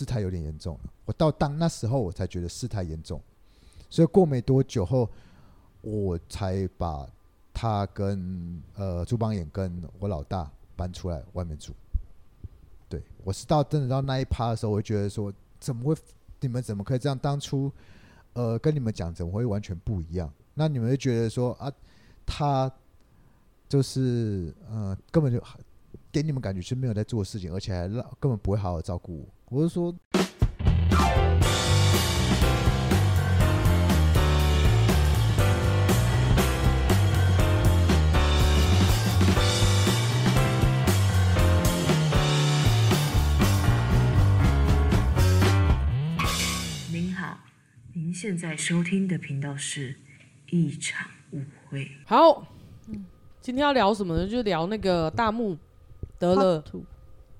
事態有點嚴重了，我到當那時候我才覺得事態嚴重，所以過沒多久後，我才把他跟呃朱榜眼跟我老大搬出來外面住。對，我是到真的到那一趴的時候，我就覺得說，怎麼會你們怎麼可以這樣？當初呃跟你們講怎麼會完全不一樣？那你們就覺得說啊他就是嗯、呃、根本就給你們感覺是沒有在做事情，而且還老根本不會好好照顧我。我是說，您好，您現在收聽的頻道是一場誤會。好，嗯、今天要聊什麼呢？就聊那個大目得了，Hot two.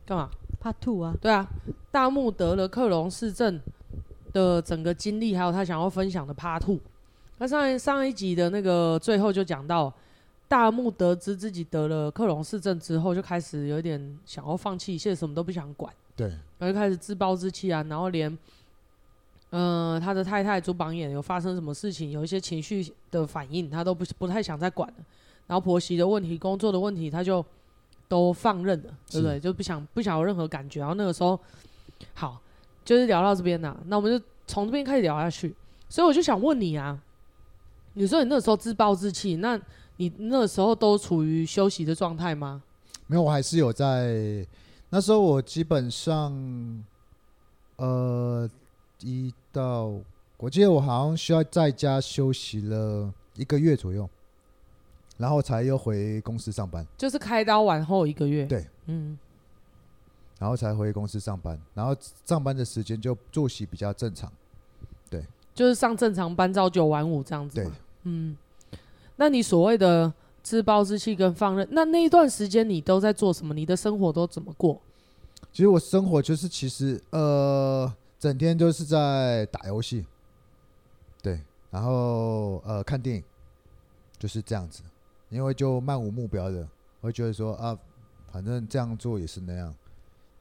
幹嘛？Part Two 啊，對啊，大目得了克隆氏症的整個經歷，還有他想要分享的 Part Two。那上一上一集的那個最後就講到，大目得知自己得了克隆氏症之後，就開始有點想要放棄一切，什麼都不想管，對，然後就開始自暴自棄啊，然後連，呃，他的太太朱榜眼有發生什麼事情，有一些情緒的反應，他都不不太想再管了，然後婆媳的問題、工作的問題，他就。都放任了，是對不對？就不想不想有任何感覺。然後那個時候，好，就是聊到這邊了啊，那我們就從這邊開始聊下去。所以我就想問你啊，你說你那時候自暴自棄，那你那時候都處於休息的狀態嗎？沒有，我還是有在。那時候我基本上，呃，一到我記得我好像需要在家休息了一個月左右。然後才又回公司上班，就是開刀完後一個月。對，嗯，然後才回公司上班，然後上班的時間就作息比較正常，對，就是上正常班，朝九晚五這樣子。對，嗯，那你所謂的自暴自棄跟放任，那那一段時間你都在做什麼？你的生活都怎麼過？其實我生活就是，其實呃，整天都是在打遊戲，對，然後呃，看電影，就是這樣子。因為就漫無目標的，會覺得說啊，反正這樣做也是那樣，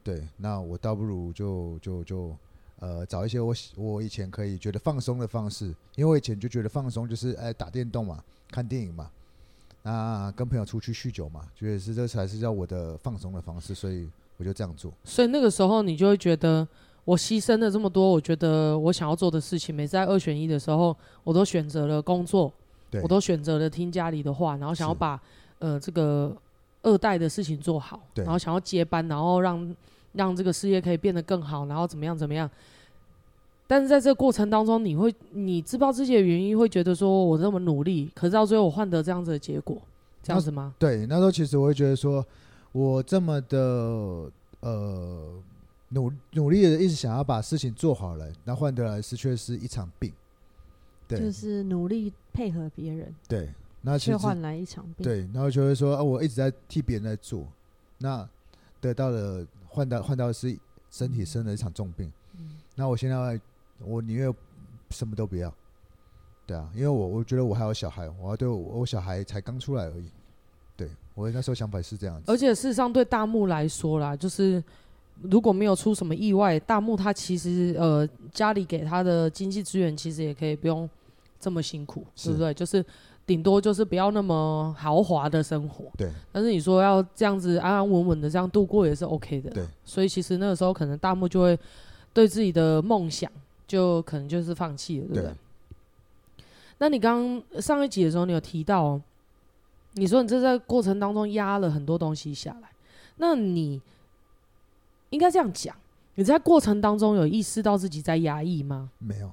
對，那我倒不如就就就，呃，找一些我我以前可以覺得放鬆的方式，因為我以前就覺得放鬆就是哎打電動嘛，看電影嘛，那、啊、跟朋友出去酗酒嘛，覺得是這才是叫我的放鬆的方式，所以我就這樣做。所以那個時候你就會覺得我犧牲了這麼多，我覺得我想要做的事情，每在二選一的時候，我都選擇了工作。對我都選擇了聽家裡的話，然後想要把是呃這個二代的事情做好，對然後想要接班，然後讓讓這個事業可以變得更好，然後怎麼樣怎麼樣。但是在這個過程當中你，你會你自暴自己的原因，會覺得說，我這麼努力，可是到最後我換得這樣子的結果，這樣子嗎？嗯，對，那時候其實我會覺得說，我這麼的呃努努力的一直想要把事情做好了，那換得來是卻是一場病。對，就是努力配合別人，對，那卻換來一場病。對，然後就會說啊，我一直在替別人在做，那得到了換到換到的是身體生了一場重病。嗯，那我現在我寧願什麼都不要，對啊，因為我我覺得我還有小孩，我要對我我小孩才剛出來而已。對，我那時候想法是這樣子。而且事實上，對大木來說啦，就是如果沒有出什麼意外，大木他其實呃家裡給他的經濟資源其實也可以不用。這麼辛苦，是對不對？就是頂多就是不要那麼豪華的生活，對但是你說要這樣子安安穩穩的這樣度過也是 OK 的，對所以其實那個時候可能大目就會對自己的夢想就可能就是放棄了，對不對？對，那你剛上一集的時候，你有提到、喔，你說你這在過程當中壓了很多東西下來，那你應該這樣講，你在過程當中有意識到自己在壓抑嗎？沒有。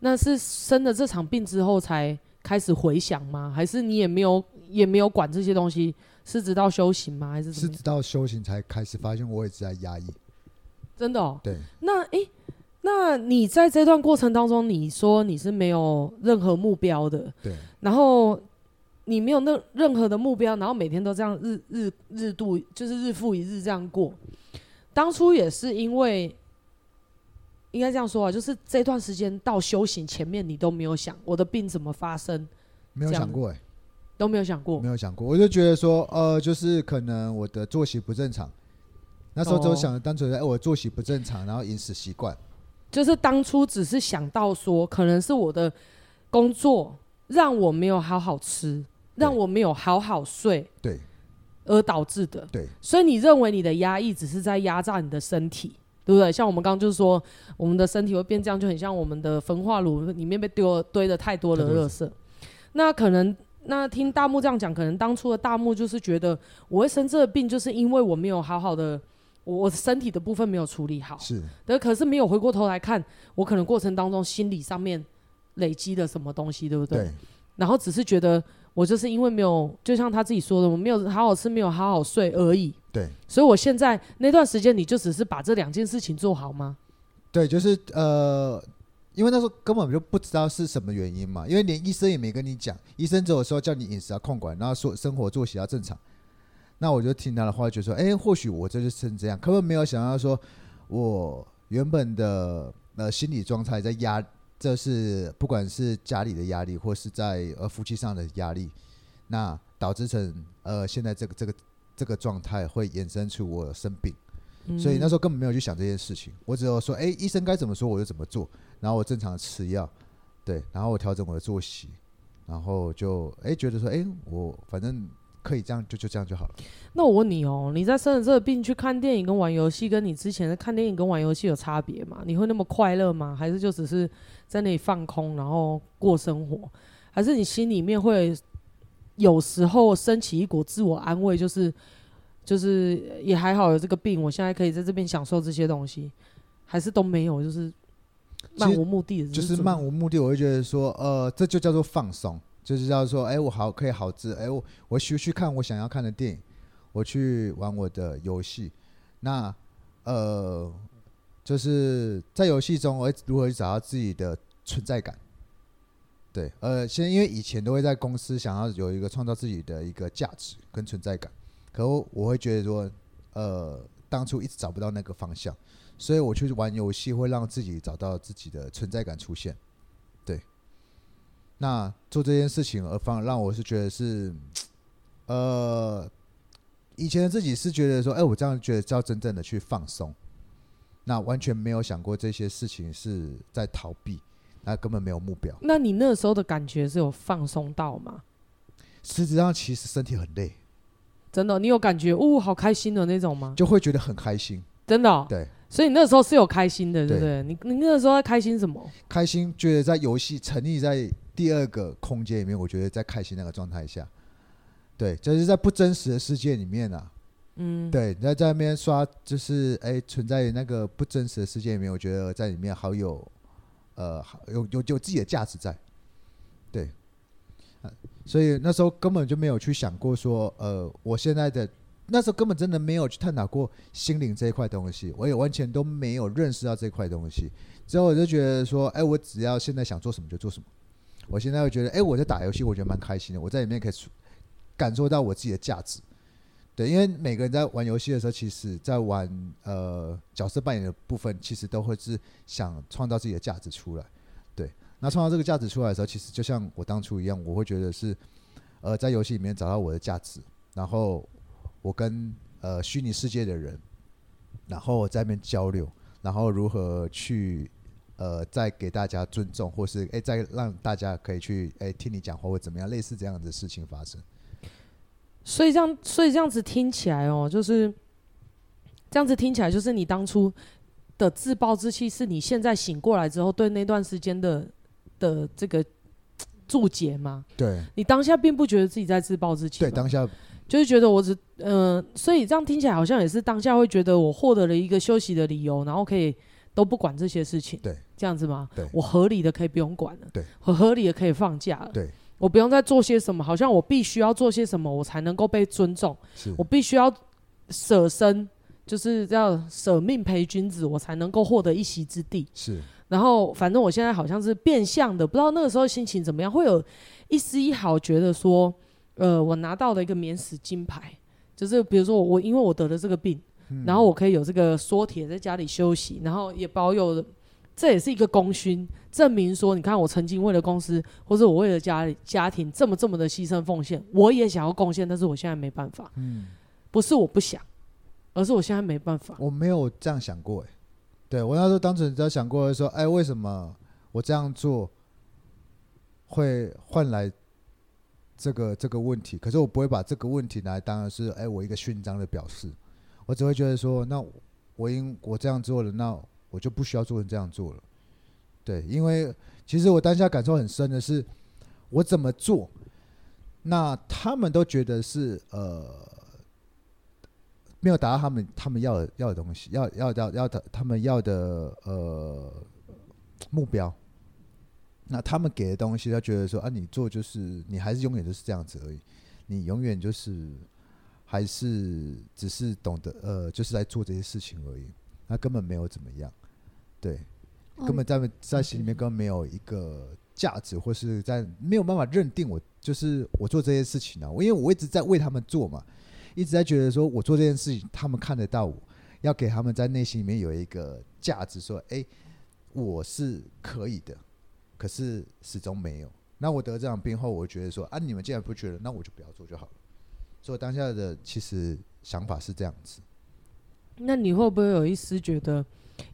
那是生了這場病之後才開始回想嗎？還是你也沒有也沒有管這些東西，是直到修行嗎？還是是直到修行才開始發現我也在壓抑，真的。哦，對，那誒、欸，那你在這段過程當中，你說你是沒有任何目標的，對。然後你沒有那任何的目標，然後每天都這樣日日日度，就是日復一日這樣過。當初也是因為。應該這樣說啊，就是這段時間到修行前面，你都沒有想我的病怎麼發生，沒有想過、欸，哎，都沒有想過，沒有想過，我就覺得說，呃，就是可能我的作息不正常，那時候就想單純的，哎、欸，我作息不正常，然後飲食習慣，就是當初只是想到說，可能是我的工作讓我沒有好好吃，對讓我沒有好好睡，對，而導致的，對，所以你認為你的壓抑只是在壓榨你的身體。對不對？像我們剛剛就是說，我們的身體會變這樣，就很像我們的焚化爐裡面被丟堆的太多的垃圾。對對對那可能，那聽大木這樣講，可能當初的大木就是覺得，我會生這個病，就是因為我沒有好好的我，我身體的部分沒有處理好。是。的。可是沒有回過頭來看，我可能過程當中心理上面累積了什麼東西，對不對？對。然後只是覺得，我就是因為沒有，就像他自己說的，我沒有好好吃，沒有好好睡而已。對，所以我現在那段時間，你就只是把這兩件事情做好嗎？對，就是呃，因為那時候根本就不知道是什麼原因嘛，因為連醫生也沒跟你講，醫生只有說叫你飲食要控管，然後說生活作息要正常。那我就聽他的話，就說，哎，或許我這就成這樣，根本沒有想到說，我原本的呃心理狀態在壓，這是不管是家裡的壓力，或是在呃夫妻上的壓力，那導致成呃現在這個這個。這個狀態會衍生出我生病，所以那時候根本沒有去想這件事情。嗯、我只有說，哎，醫生該怎麼說我就怎麼做，然後我正常吃藥，對，然後我調整我的作息，然後就，哎，覺得說，哎，我反正可以這樣，就就這樣就好了。那我問你哦，你在生了這個病去看電影跟玩遊戲，跟你之前的看電影跟玩遊戲有差別嗎？你會那麼快樂嗎？還是就只是在那裡放空，然後過生活？嗯、還是你心裡面會？有時候升起一股自我安慰，就是就是也還好有這個病，我現在可以在這邊享受這些東西？還是都沒有，就是漫無目的。其實是就是漫無目的。我會覺得說，呃，這就叫做放鬆，就是叫做說，哎、欸，我好可以好自，哎、欸，我我去去看我想要看的電影，我去玩我的遊戲，那呃，就是在遊戲中，我會如何去找到自己的存在感？對，呃，先因為以前都會在公司想要有一個創造自己的一個價值跟存在感，可我，我會覺得說，呃，當初一直找不到那個方向，所以我去玩遊戲，會讓自己找到自己的存在感出現。對，那做這件事情而放讓我是覺得是，呃，以前的自己是覺得說，哎，我這樣覺得叫真正的去放鬆，那完全沒有想過這些事情是在逃避。那、啊、根本沒有目標。那你那時候的感覺是有放鬆到嗎？實際上，其實身體很累。真的、哦，你有感覺？哦，好開心的那種嗎？就會覺得很開心。真的、哦。對。所以你那時候是有開心的，對不對？對你你那個時候在開心什麼？開心，覺得在遊戲沉溺在第二個空間裡面，我覺得在開心那個狀態下。對，就是在不真實的世界裡面啊。嗯。對，在在那邊刷，就是哎、欸，存在於那個不真實的世界裡面，我覺得在裡面好有。呃，有有有自己的價值在，對，所以那時候根本就沒有去想過說，呃，我現在的那時候根本真的沒有去探討過心靈這一塊東西，我也完全都沒有認識到這塊東西。之後我就覺得說，哎、欸，我只要現在想做什麼就做什麼。我現在會覺得，哎、欸，我在打遊戲，我覺得蠻開心的，我在裡面可以感受到我自己的價值。對，因為每個人在玩遊戲的時候，其實，在玩呃角色扮演的部分，其實都會是想創造自己的價值出來。對，那創造這個價值出來的時候，其實就像我當初一樣，我會覺得是呃在遊戲裡面找到我的價值，然後我跟呃虛擬世界的人，然後我在那邊交流，然後如何去呃再給大家尊重，或是誒，再讓大家可以去誒，聽你講話或怎麼樣，類似這樣子的事情發生。所以這樣，所以這樣子聽起來哦、喔，就是這樣子聽起來，就是你當初的自暴自棄，是你現在醒過來之後對那段時間的的這個注解嗎？對，你當下並不覺得自己在自暴自棄，對，當下就是覺得我只嗯、呃，所以這樣聽起來好像也是當下會覺得我獲得了一個休息的理由，然後可以都不管這些事情，對，這樣子嗎？對，我合理的可以不用管了，對，我合理的可以放假了，對。我不用再做些什麼，好像我必須要做些什麼，我才能夠被尊重。是。我必須要捨身，就是要捨命陪君子，我才能夠獲得一席之地。是，然後反正我現在好像是變相的，不知道那個時候心情怎麼樣，會有一絲一毫覺得說，呃，我拿到了一個免死金牌，就是比如說我我因為我得了這個病，嗯，然後我可以有這個縮鐵在家裡休息，然後也保有，這也是一個功勳，證明說，你看我曾經為了公司，或者我為了家裡家庭這麼這麼的犧牲奉獻，我也想要貢獻，但是我現在沒辦法。嗯，不是我不想，而是我現在沒辦法。我沒有這樣想過，欸，哎，對我那時候當時只要想過說，哎，為什麼我這樣做會換來這個這個問題？可是我不會把這個問題拿來當，當然是哎，我一個勳章的表示，我只會覺得說，那我應我，我這樣做了，那我就不需要做成這樣做了。對，因為其實我當下感受很深的是，我怎麼做，那他們都覺得是呃，沒有達到他們他們要的要的東西，要要要要的他們要的呃目標。那他們給的東西，他覺得說啊，你做就是你還是永遠都是這樣子而已，你永遠就是還是只是懂得呃，就是在做這些事情而已，那根本沒有怎麼樣，對。根本在在心裡面根本沒有一個價值。Okay. 或是在沒有辦法認定我就是我做這些事情呢、啊？我因為我一直在為他們做嘛，一直在覺得說我做這件事情，他們看得到我，要給他們在內心裡面有一個價值，說哎，我是可以的。可是始終沒有。那我得了這場病後，我覺得說啊，你們既然不覺得，那我就不要做就好了。所以我當下的其實想法是這樣子。那你會不會有一絲覺得？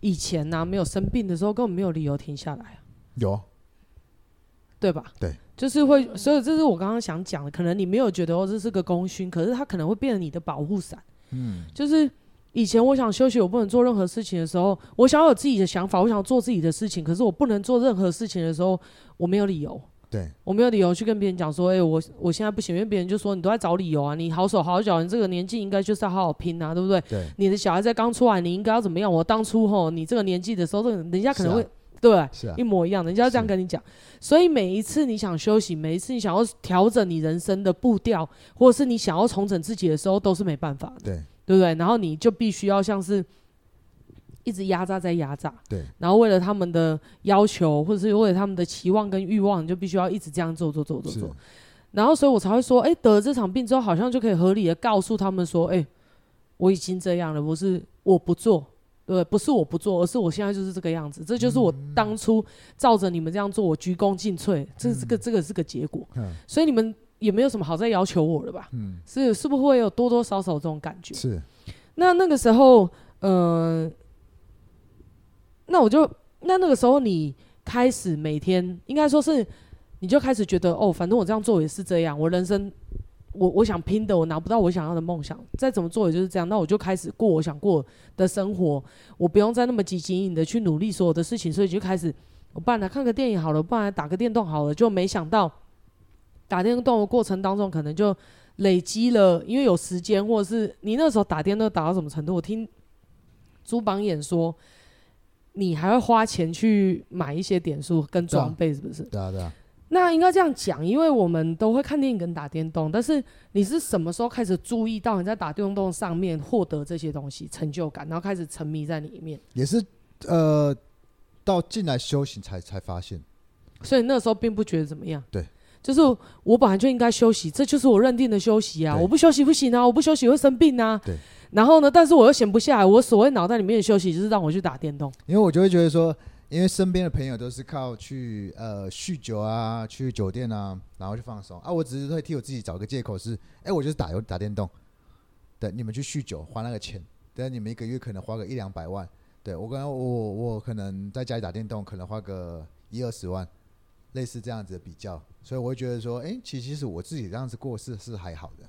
以前呢、啊，沒有生病的時候，根本沒有理由停下來。有、啊，對吧？對，就是會，所以這是我剛剛想講的。可能你沒有覺得哦，這是個功勳，可是它可能會變成你的保護傘。嗯，就是以前我想休息，我不能做任何事情的時候，我想要有自己的想法，我想做自己的事情，可是我不能做任何事情的時候，我沒有理由。對，我沒有理由去跟別人講說，哎、欸，我我現在不行，因為別人就說你都在找理由啊，你好手好腳，你這個年紀應該就是要好好拼啊，對不對？對，你的小孩在剛出來，你應該要怎麼樣？我當初吼，你這個年紀的時候，這個人家可能會、啊、對不對？是、啊、一模一樣的，人家要這樣跟你講，是所以每一次你想休息，每一次你想要調整你人生的步調，或者是你想要重整自己的時候，都是沒辦法的，對，對不對？然後你就必須要像是。一直壓榨再壓榨，對。然後為了他們的要求，或者是為了他們的期望跟慾望，你就必須要一直這樣做做做做做。是然後所以我才會說，哎，得了這場病之後，好像就可以合理的告訴他們說，哎，我已經這樣了，不是我不做，對，不對，不是我不做，而是我現在就是這個樣子，這就是我當初照着你們這樣做，我鞠躬盡瘁，這這個、嗯、這個是個結果。嗯、所以你們也沒有什麼好再要求我了吧？嗯，是是不是會有多多少少這種感覺？是。那那個時候，嗯、呃。那我就那那個時候，你開始每天應該說是,你就開始覺得哦，反正我這樣做也是這樣，我人生我我想拼的，我拿不到我想要的夢想，再怎麼做也就是這樣。那我就開始過我想過的生活，我不用再那麼急急忙忙的去努力所有的事情，所以就開始，我不然看個電影好了，不然打個電動好了。就沒想到打電動的過程當中，可能就累積了，因為有時間或者是你那時候打電動打到什麼程度？我聽朱榜眼說。你還會花錢去買一些點數跟裝備，是不是？對啊，對啊。啊、那應該這樣講，因為我們都會看電影跟打電動，但是你是什麼時候開始注意到你在打電動上面獲得這些東西成就感，然後開始沉迷在裡面？也是，呃，到進來修行才才發現，所以那時候並不覺得怎麼樣。對。就是我本來就應該休息，這就是我認定的休息啊！對。我不休息不行啊！我不休息會生病啊！對。然後呢？但是我又閒不下來。我所謂腦袋裡面的休息，就是讓我去打電動。因為我就會覺得說，因為身邊的朋友都是靠去呃酗酒啊，去酒店啊，然後去放鬆啊。我只是會替我自己找個借口是，是、欸、哎，我就是打遊打電動。對，你們去酗酒花那個錢，對，你們一個月可能花個一兩百萬。對我，剛剛我，剛剛我我可能在家裡打電動，可能花個一二十萬。類似這樣子的比較，所以我會覺得說，哎、欸，其實其實我自己這樣子過是是還好的。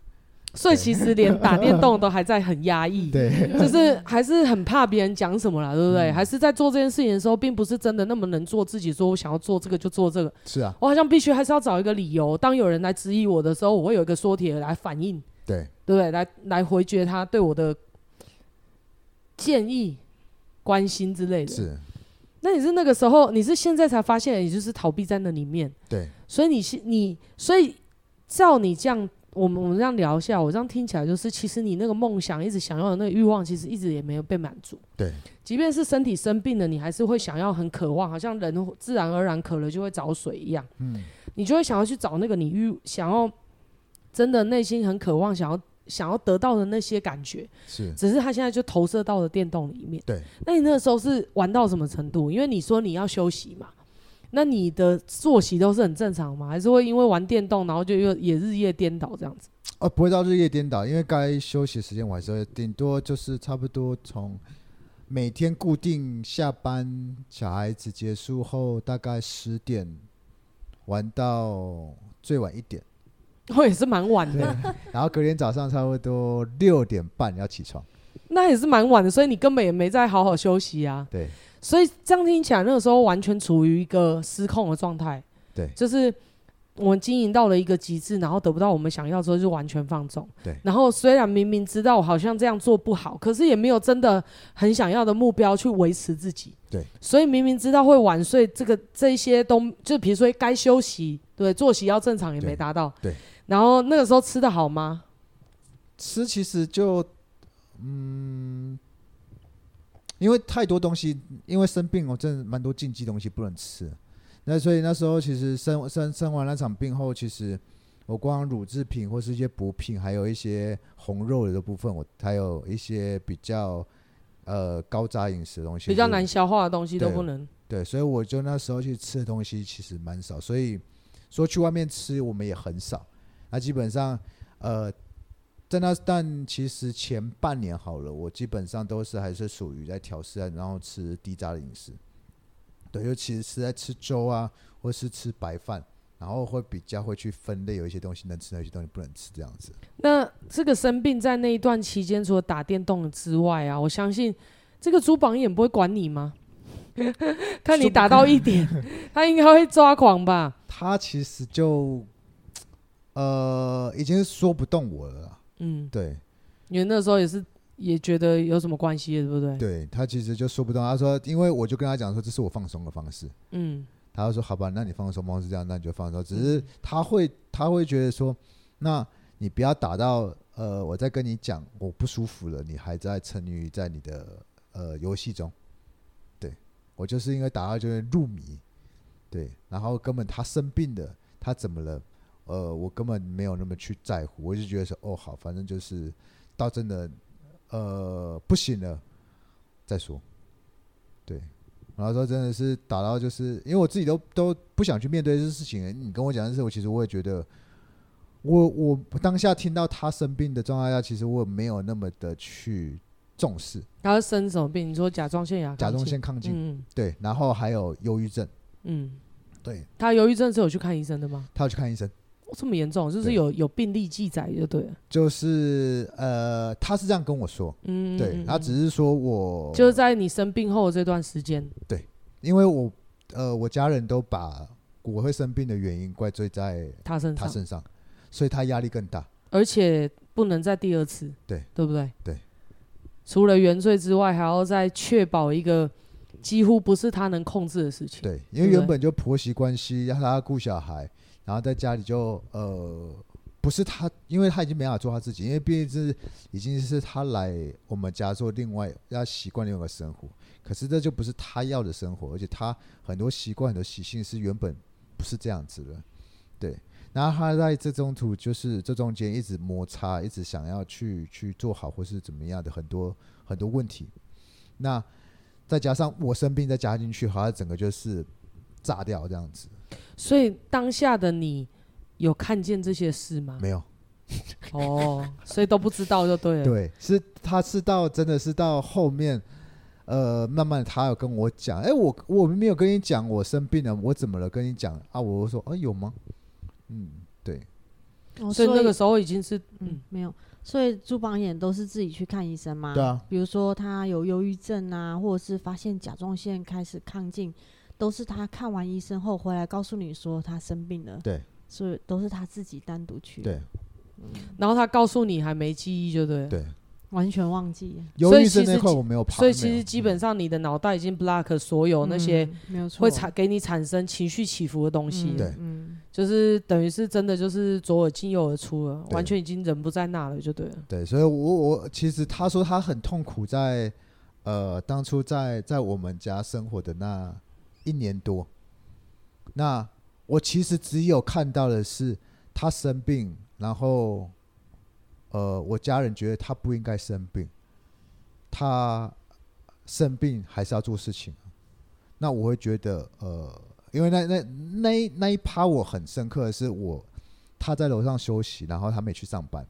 所以其實連打電動都還在很壓抑， 對，就是還是很怕別人講什麼了，對不對？嗯、還是在做這件事情的時候，並不是真的那麼能做自己，說我想要做這個就做這個。是啊，我好像必須還是要找一個理由。當有人來質疑我的時候，我會有一個說帖來反應，對，對不對？來來回絕他對我的建議、關心之類的。是。那你是那個時候，你是現在才發現，也就是逃避在那裡面。對，所以你你所以照你這樣，我們我們這樣聊一下，我這樣聽起來就是，其實你那個夢想一直想要的那個慾望，其實一直也沒有被滿足。對，即便是身體生病了，你還是會想要很渴望，好像人自然而然渴了就會找水一樣。嗯，你就會想要去找那個你慾想要真的內心很渴望想要。想要得到的那些感覺是，只是他現在就投射到了電動裡面。對，那你那個時候是玩到什麼程度？因為你說你要休息嘛，那你的作息都是很正常嗎？還是會因為玩電動，然後就又也日夜顛倒這樣子？哦，不會到日夜顛倒，因為該休息時間晚的時候，頂多就是差不多從每天固定下班，小孩子結束後大概十點玩到最晚一點。後也是蠻晚的 ，然後隔天早上差不多六點半要起床， 那也是蠻晚的，所以你根本也沒在好好休息啊。對，所以這樣聽起來，那個時候完全處於一個失控的狀態。對，就是我們經營到了一個極致，然後得不到我們想要，之後就完全放縱。對，然後雖然明明知道我好像這樣做不好，可是也沒有真的很想要的目標去維持自己。對，所以明明知道會晚睡，這個，這個這些都就比如說該休息，對作息要正常也沒達到對。對。然後那個時候吃的好嗎？吃其實就，嗯，因為太多東西，因為生病我真的蠻多禁忌東西不能吃，那所以那時候其實生生生完那場病後，其實我光乳製品或是一些補品，還有一些紅肉的部分，我還有一些比較呃高渣飲食的東西，比較難消化的東西都不能。對，對，所以我就那時候去吃的東西其實蠻少，所以說去外面吃我們也很少。那、啊、基本上，呃，在那但其實前半年好了，我基本上都是還是屬於在調適啊，然後吃低渣的飲食。對，尤其是是在吃粥啊，或是吃白飯，然後會比較會去分類，有一些東西能吃，有些東西不能吃，這樣子。那這個生病在那一段期間，除了打電動之外啊，我相信這個朱榜眼也不會管你嗎？ 看你打到一點， 他應該會抓狂吧？他其實就。呃，已經是說不動我了。嗯，對，因為那時候也是也覺得有什麼關係，對不對？對，他其實就說不動。他說，因為我就跟他講說，這是我放鬆的方式。嗯，他就說好吧，那你放鬆方式這樣，那你就放鬆。只是他會，他會覺得說，那你不要打到呃，我在跟你講，我不舒服了，你還在沉溺於在你的呃遊戲中。對，我就是因為打到就是入迷，對，然後根本他生病的，他怎麼了？呃，我根本沒有那麼去在乎，我就覺得說，哦，好，反正就是，到真的，呃，不行了再說，對。然後說真的是打到，就是因為我自己都都不想去面對這事情。你跟我講的時候我其實我也覺得，我我當下聽到他生病的狀態下，其實我也沒有那麼的去重視。他是生什麼病？你說甲狀腺呀，甲狀腺亢進，嗯，對。然後還有憂鬱症，嗯，對。他憂鬱症是有去看醫生的嗎？他有去看醫生。這麼嚴重，就是有對有病例記載就對了。就是呃，他是這樣跟我說，嗯，對，他只是說我就是在你生病後的這段時間，對，因為我呃，我家人都把我會生病的原因怪罪在他身上，他身上，所以他壓力更大，而且不能再第二次，對對不對？對，除了原罪之外，還要再確保一個幾乎不是他能控制的事情，對，因為原本就婆媳關係，對，對要他要顧小孩。然後在家裡就呃，不是他，因為他已經沒辦法做他自己，因為畢竟是已經是他來我們家做，另外要習慣另外一個生活，可是這就不是他要的生活，而且他很多習慣、很多習性是原本不是這樣子的，對。然後他在這中途就是這中間一直摩擦，一直想要去去做好或是怎麼樣的，很多很多問題，那再加上我生病再加進去，好像整個就是炸掉這樣子。所以當下的你，有看見這些事嗎？沒有。哦，所以都不知道就對了。 對，是他是到真的是到後面，呃，慢慢他有跟我講，哎、欸，我我們沒有跟你講，我生病了，我怎麼了？跟你講啊，我說，哎、啊，有嗎？嗯，對。哦、所以，所以那個時候已經是嗯,嗯沒有，所以朱榜眼都是自己去看醫生嗎？對啊，比如說他有憂鬱症啊，或者是發現甲狀腺開始亢進。都是他看完醫生後回來告訴你說他生病了，對，所以都是他自己單獨去的，對。嗯、然後他告訴你還沒記憶就對，對，完全忘記。所以其實我沒有，所以其實基本上你的腦袋已經 block 了所有那些沒有會產給你產生情緒起伏的東西，嗯、對，嗯，就是等於是真的就是左耳進右耳出了，完全已經人不在那了就對了。對，所以我我其實他說他很痛苦在呃當初在在我們家生活的那。一年多，那我其實只有看到的是他生病，然後，呃，我家人覺得他不應該生病，他生病還是要做事情，那我會覺得，呃，因為那那那一那一趴我很深刻的是我，我他在樓上休息，然後他沒去上班，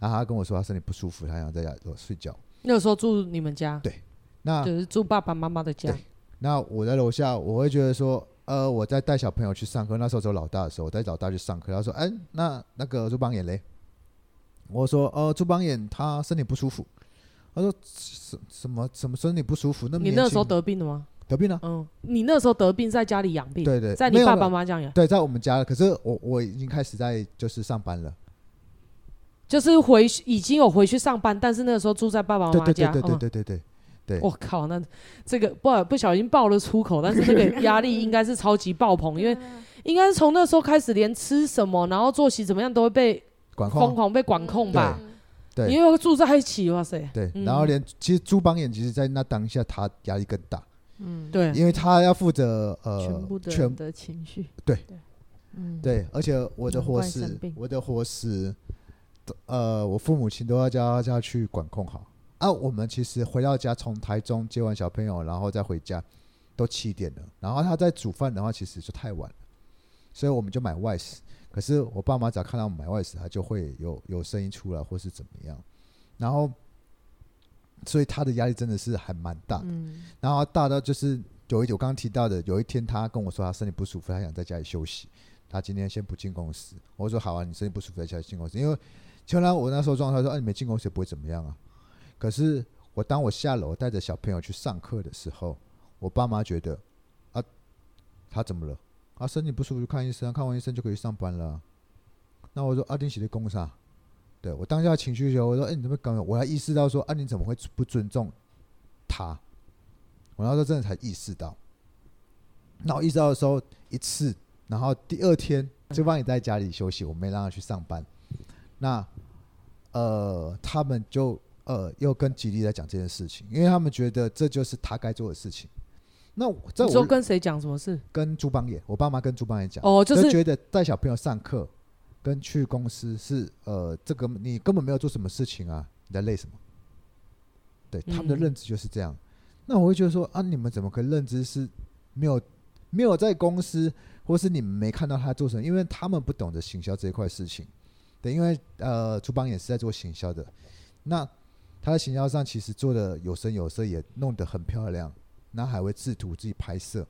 然後他跟我說他身體不舒服，他想在家頭睡覺。那時候住你們家？對，那就是住爸爸媽媽的家。那我在樓下，我會覺得說，呃，我在帶小朋友去上課。那時候只有老大的時候，我帶老大去上課。他說：“哎，那那個朱榜眼嘞？”我說：“呃，朱榜眼他身體不舒服。”他說：“什什麼什麼身體不舒服？那麼你那時候得病了嗎？”得病了、啊。嗯，你那時候得病，在家裡養病。對對，在你爸爸媽媽家。對，在我們家了。可是我我已經開始在就是上班了，就是回已經有回去上班，但是那個時候住在爸爸媽媽家。對對對對對對。對，我靠，那這個不不小心爆了出口，但是這個壓力應該是超級爆棚，因為應該是從那時候開始，連吃什麼，然後作息怎麼樣，都會被瘋狂被管控吧？對，因為住在一起，哇塞！對，然後連其實朱榜眼其實，在那當下，他壓力更大。嗯，對，因為他要負責呃全部的情緒。對，對，而且我的伙食，我的伙食，呃，我父母親都要叫他去管控好。那、啊、我們其實回到家，從台中接完小朋友，然後再回家，都七點了。然後他在煮飯的話，其實就太晚了，所以我們就買外食。可是我爸媽只要看到我們買外食，他就會有有聲音出來，或是怎麼樣。然後，所以他的壓力真的是還蠻大的。嗯。然後大到就是有一我剛剛提到的，有一天他跟我說他身體不舒服，他想在家裡休息。他今天先不進公司。我說好啊，你身體不舒服在家裡進公司，因為秋蘭，他我那時候狀態說，哎、啊，你沒進公司也不會怎麼樣啊。可是我當我下樓帶着小朋友去上課的時候，我爸媽覺得，啊，他怎麼了？他、啊、身體不舒服去看醫生，看完醫生就可以上班了、啊。那我說阿丁喜的工啥？對，我當下情緒的時候，我說哎、欸，你怎麼剛？我還意識到說阿丁、啊、怎麼會不尊重他？我那時候真的才意識到。那我意識到的時候一次，然後第二天就放你在家裡休息，我沒讓他去上班。那呃，他們就。呃，又跟吉利來講這件事情，因為他們覺得這就是他該做的事情。那我，在我，你說跟誰講什麼事？跟朱榜眼，我爸媽跟朱榜眼講，哦，就是就覺得帶小朋友上課跟去公司是呃，這個你根本沒有做什麼事情啊，你在累什麼？對，他們的認知就是這樣。嗯、那我會覺得說啊，你們怎麼可以認知是沒有沒有在公司，或是你們沒看到他做什麼？因為他們不懂得行銷這一塊事情。對，因為呃，朱榜眼是在做行銷的，那。他的行銷上其實做的有聲有色，也弄得很漂亮。那還會製圖自己拍攝，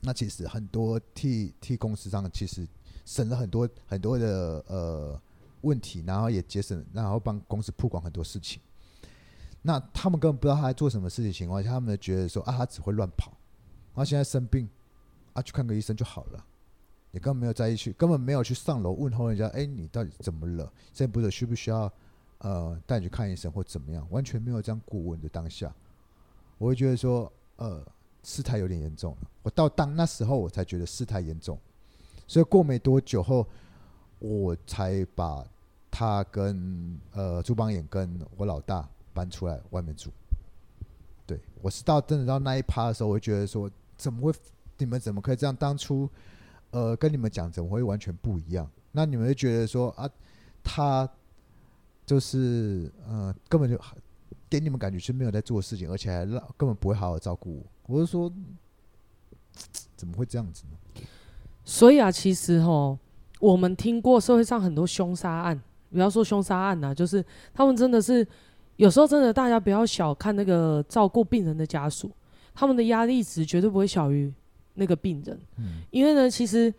那其實很多替替公司上其實省了很多很多的呃問題，然後也節省了，然後幫公司曝光很多事情。那他們根本不知道他在做什麼事情情況下，他們覺得說啊，他只會亂跑。他、啊、現在生病，啊，去看個醫生就好了。你根本沒有在意，根本沒有去上樓問候人家。哎，你到底怎麼了？現在不是需不需要？呃，帶你去看醫生或怎麼樣，完全沒有這樣過問的當下，我會覺得說，呃，事態有點嚴重了。我到當那時候，我才覺得事態嚴重，所以過沒多久後，我才把他跟呃朱榜眼跟我老大搬出來外面住。對，我是到真的到那一趴的時候，我就覺得說，怎麼會，你們怎麼可以這樣？當初，呃，跟你們講怎麼會完全不一樣？那你們就覺得說啊，他。就是呃，根本就給你們感覺是沒有在做事情，而且還老根本不會好好照顧。我是說，怎麼會這樣子呢？所以啊，其實哦，我們聽過社會上很多兇殺案，比方說兇殺案啊，就是他們真的是有時候真的，大家不要小看那個照顧病人的家屬，他們的壓力值絕對不會小於那個病人。嗯，因為呢，其實。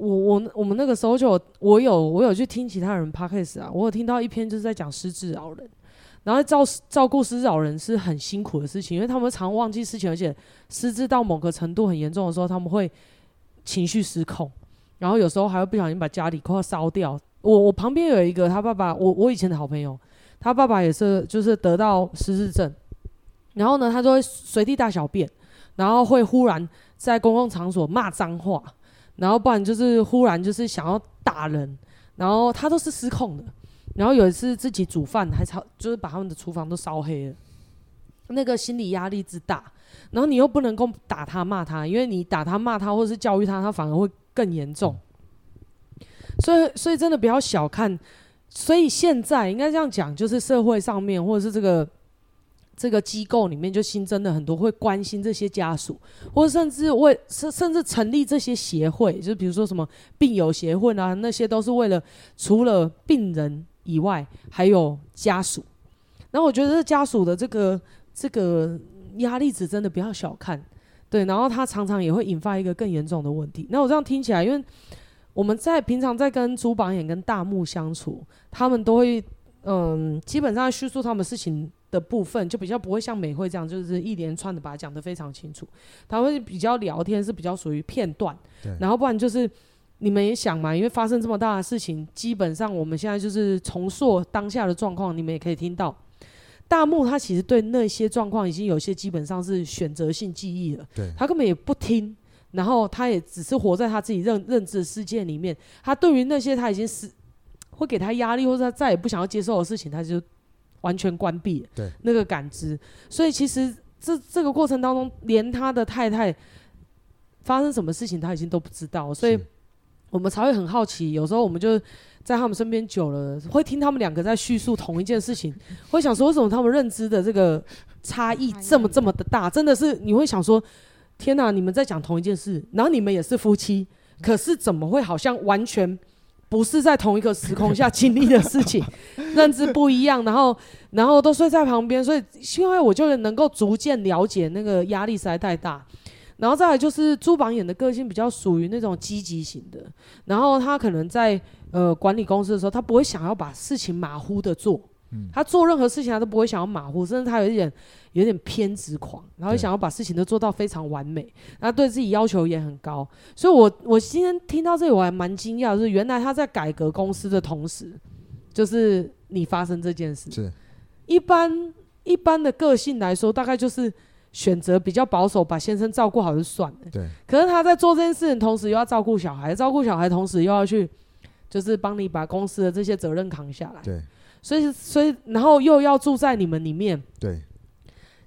我我我們那個時候就有我有我有去聽其他人 Podcast 啊，我有聽到一篇，就是在講失智老人，然後照照顧失智老人是很辛苦的事情，因為他們常忘記事情，而且失智到某個程度很嚴重的時候，他們會情緒失控，然後有時候還會不小心把家裡快要燒掉。我我旁邊有一個他爸爸，我我以前的好朋友，他爸爸也是就是得到失智症，然後呢，他就會隨地大小便，然後會忽然在公共場所罵髒話。然後不然就是忽然就是想要打人，然後他都是失控的。然後有一次自己煮飯還燒，就是把他們的廚房都燒黑了。那個心理壓力之大，然後你又不能夠打他罵他，因為你打他罵他或者是教育他，他反而會更嚴重。所以所以真的不要小看，所以現在應該這樣講，就是社會上面或者是這個。這個機構裡面就新增，了很多會關心這些家屬，或甚至為甚甚至成立這些協會，就比如說什麼病友協會啊，那些都是為了除了病人以外還有家屬。那我覺得這家屬的這個這個壓力值真的不要小看，對，然後他常常也會引發一個更嚴重的問題。那我這樣聽起來，因為我們在平常在跟朱榜眼跟大目相處，他們都會嗯，基本上敘述他們事情。的部分就比較不會像美會這樣，就是一連串的把它講得非常清楚，他會比較聊天是比較屬於片段，對然後不然就是你們也想嘛，因為發生這麼大的事情，基本上我們現在就是重塑當下的狀況，你們也可以聽到大目他其實對那些狀況已經有些基本上是選擇性記憶了，對。他根本也不聽，然後他也只是活在他自己認認知的世界裡面，他對於那些他已經是會給他壓力或者他再也不想要接受的事情，他就。完全關閉，對那個感知，所以其實這這個過程當中，連他的太太發生什麼事情，他已經都不知道，所以我們才會很好奇。有時候我們就在他們身邊久了，會聽他們兩個在敘述同一件事情，會想說為什麼他們認知的這個差異這麼這麼的大？真的是你會想說，天哪，你們在講同一件事，然後你們也是夫妻，可是怎麼會好像完全？不是在同一個時空下經歷的事情，認知 不一樣，然後，然後都睡在旁邊，所以，是因為我就能夠逐漸了解那個壓力實在太大，然後再來就是朱榜眼的個性比較屬於那種積極型的，然後他可能在呃管理公司的時候，他不會想要把事情馬虎的做。嗯，他做任何事情，他都不會想要馬虎，甚至他有一點有點偏執狂，然後想要把事情都做到非常完美，對他對自己要求也很高。所以我，我我今天聽到這裡，我還蠻驚訝，就是原來他在改革公司的同時，就是你發生這件事。是。一般一般的個性來說，大概就是選擇比較保守，把先生照顧好就算了。對。可是他在做這件事情同時，又要照顧小孩，照顧小孩同時又要去，就是幫你把公司的這些責任扛下來。對。所以，所以，然後又要住在你們裡面，對，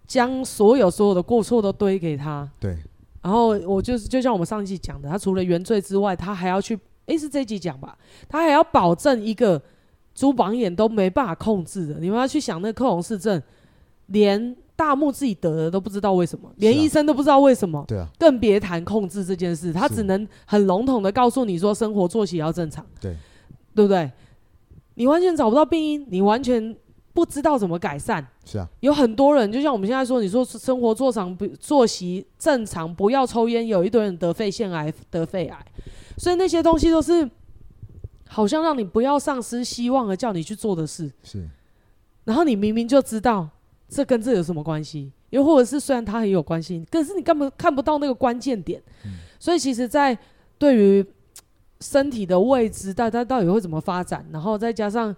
將所有所有的過錯都堆給他，對。然後我就是就像我們上一集講的，他除了原罪之外，他還要去，哎，是這一集講吧？他還要保證一個朱榜眼都沒辦法控制的。你們要去想那克隆氏症，連大目自己得的都不知道為什麼，連醫生都不知道為什麼，啊對啊，更別談控制這件事。他只能很籠統的告訴你說，生活作息要正常，對，對不對？你完全找不到病因，你完全不知道怎麼改善。是啊，有很多人，就像我們現在說，你說生活坐長，不作息正常，不要抽煙，有一堆人得肺腺癌、得肺癌，所以那些東西都是好像讓你不要喪失希望而叫你去做的事。是，然後你明明就知道這跟這有什麼關係，又或者是雖然它很有關係，可是你根本看不到那個關鍵點。嗯，所以其實，在對於，身體的位置，但他到底會怎麼發展？然後再加上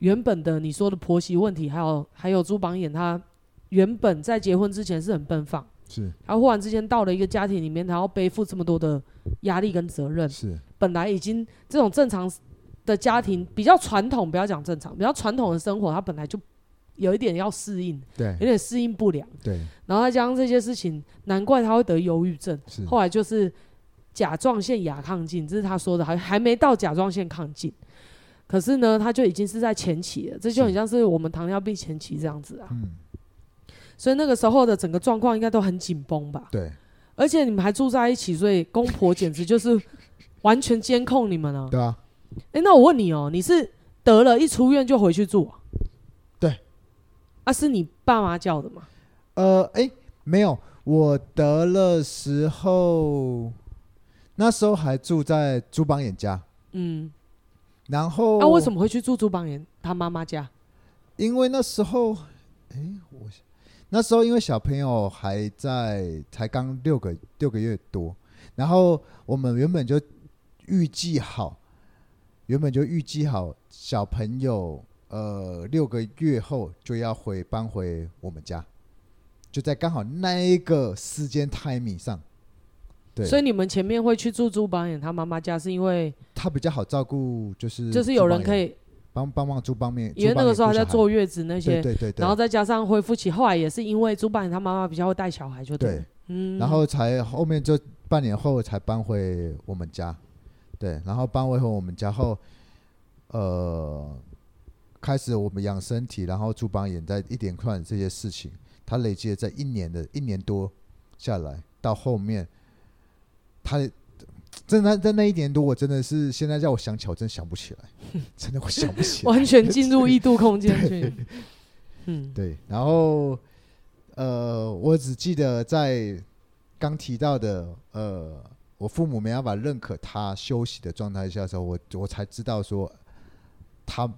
原本的你說的婆媳問題，還有還有朱榜眼他原本在結婚之前是很奔放，是，他忽然之間到了一個家庭裡面，他要背負這麼多的壓力跟責任，是，本來已經這種正常的家庭比較傳統，不要講正常，比較傳統的生活，他本來就有一點要適應，對，有點適應不良，對，然後再加上這些事情，難怪他會得憂鬱症。是後來就是。甲狀腺亞亢進，這是他說的，還還沒到甲狀腺亢進，可是呢，他就已經是在前期了，這就很像是我們糖尿病前期這樣子啊。嗯。所以那個時候的整個狀況應該都很緊繃吧？對。而且你們還住在一起，所以公婆簡直就是完全監控你們啊。 對啊。哎，那我問你哦，你是得了一出院就回去住啊？對。啊，是你爸媽叫的嗎？呃，哎，沒有，我得了時候。那時候還住在朱榜眼家，嗯，然後那、啊、為什麼會去住朱榜眼他媽媽家？因為那時候，哎、欸，我那時候因為小朋友還在才剛六個六個月多，然後我們原本就預計好，原本就預計好小朋友呃六個月後就要回搬回我們家，就在剛好那一個時間 timing 上。對所以你們前面會去住朱榜眼他媽媽家，是因為他比較好照顧，就是就是有人可以幫幫忙。朱榜眼，因為那個時候還在坐月子那些，對對，對對對。然後再加上恢復期，後來也是因為朱榜眼他媽媽比較會帶小孩，就對。對嗯，然後才後面就半年後才搬回我們家，對。然後搬回回我們家後，呃，開始我們養身體，然後朱榜眼在一點看這些事情，他累積在一年的一年多下來，到後面。他真的在那一年多，我真的是現在叫我想起，我真想不起來，真的，我想不起。 完全進入異度空間去。 對 嗯，對。然後，呃，我只記得在剛提到的，呃，我父母沒辦法認可他休息的狀態下的時候，我我才知道說，他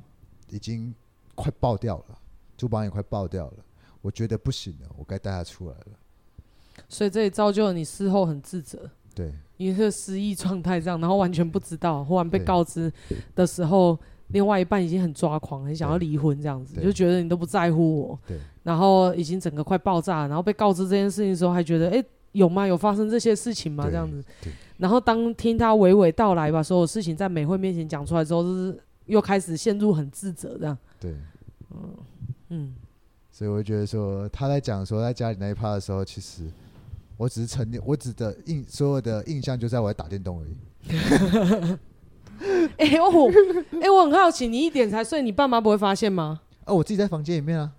已經快爆掉了，珠寶也快爆掉了，我覺得不行了，我該帶他出來了。所以這也造就了你事後很自責。對，因為是失憶狀態這樣，然後完全不知道，對忽然被告知的時候，對另外一半已經很抓狂，很想要離婚這樣子，對就覺得你都不在乎我。對。然後已經整個快爆炸了，然後被告知這件事情的時候，還覺得哎、欸，有嗎？有發生這些事情嗎？這樣子。然後當聽他娓娓道來吧，所有事情在美會面前講出來之後，就是又開始陷入很自責這樣。對。嗯嗯。所以我覺得說他在講說在家裡那一趴的時候，其實。我只是沉澱，我只是的印所有的印象就在我在打電動而已。哎、 欸，我、欸、我很好奇，你一點才睡，所以你爸媽不會發現嗎？哦、啊，我自己在房間裡面啊。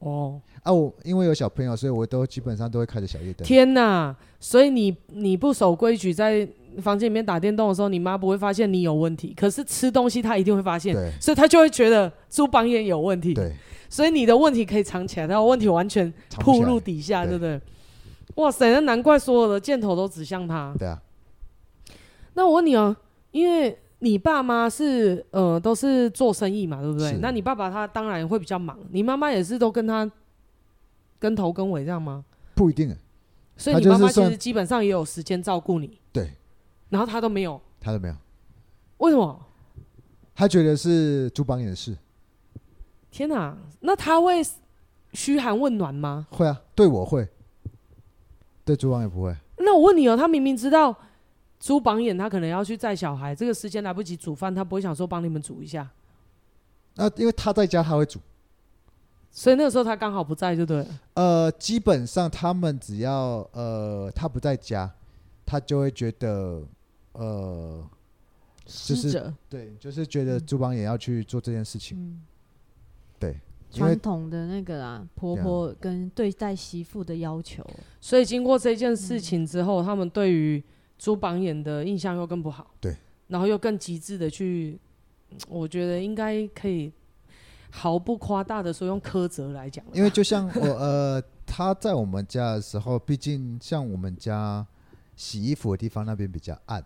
哦，oh. 啊，我因為有小朋友，所以我都基本上都會開着小夜燈。天哪！所以你你不守規矩在房間裡面打電動的時候，你媽不會發現你有問題。可是吃東西，她一定會發現，對所以她就會覺得朱榜眼有問題。對，所以你的問題可以藏起來，但我問題完全暴露底下，對不對？對。哇塞，那難怪所有的箭頭都指向他。對啊。那我問你啊，因為你爸媽是呃都是做生意嘛，對不對？是那你爸爸他當然會比較忙，你媽媽也是都跟他跟頭跟尾這樣嗎？不一定。所以你媽媽其實基本上也有時間照顧你。對。然後他都沒有。他都沒有。為什麼？他覺得是朱榜眼的事。天哪，那他會噓寒問暖嗎？會啊，對我會。對，朱榜也不會。那我問你哦，他明明知道朱榜眼，他可能要去載小孩，這個時間來不及煮飯，他不會想說幫你們煮一下。那、啊、因為他在家，他會煮，所以那個時候他剛好不在，就對。呃，基本上他們只要呃他不在家，他就會覺得呃，是者就是對，就是覺得朱榜眼要去做這件事情，嗯、對。傳統的那個啊，為婆婆跟對待媳婦的要求。所以經過這件事情之後，嗯、他們對於朱榜眼的印象又更不好。對。然後又更極致的去，我覺得應該可以毫不誇大的說，用苛責來講。因為就像我 呃，他在我們家的時候，畢竟像我們家洗衣服的地方那邊比較暗，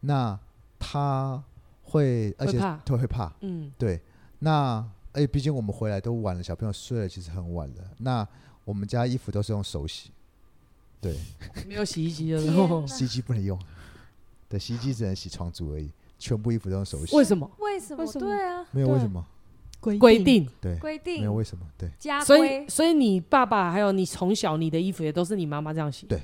那他會，會怕而且他會怕，嗯，對，那。哎，畢竟我們回來都晚了，小朋友睡了，其實很晚了。那我們家衣服都是用手洗，對，沒有洗衣機的時候，洗衣機不能用。對，洗衣機只能洗床單而已，全部衣服都用手洗。為什麼？為什麼？對啊，沒有為什麼，規定，對，規定沒有為什麼，對。家所以，所以你爸爸還有你從小，你的衣服也都是你媽媽這樣洗。對，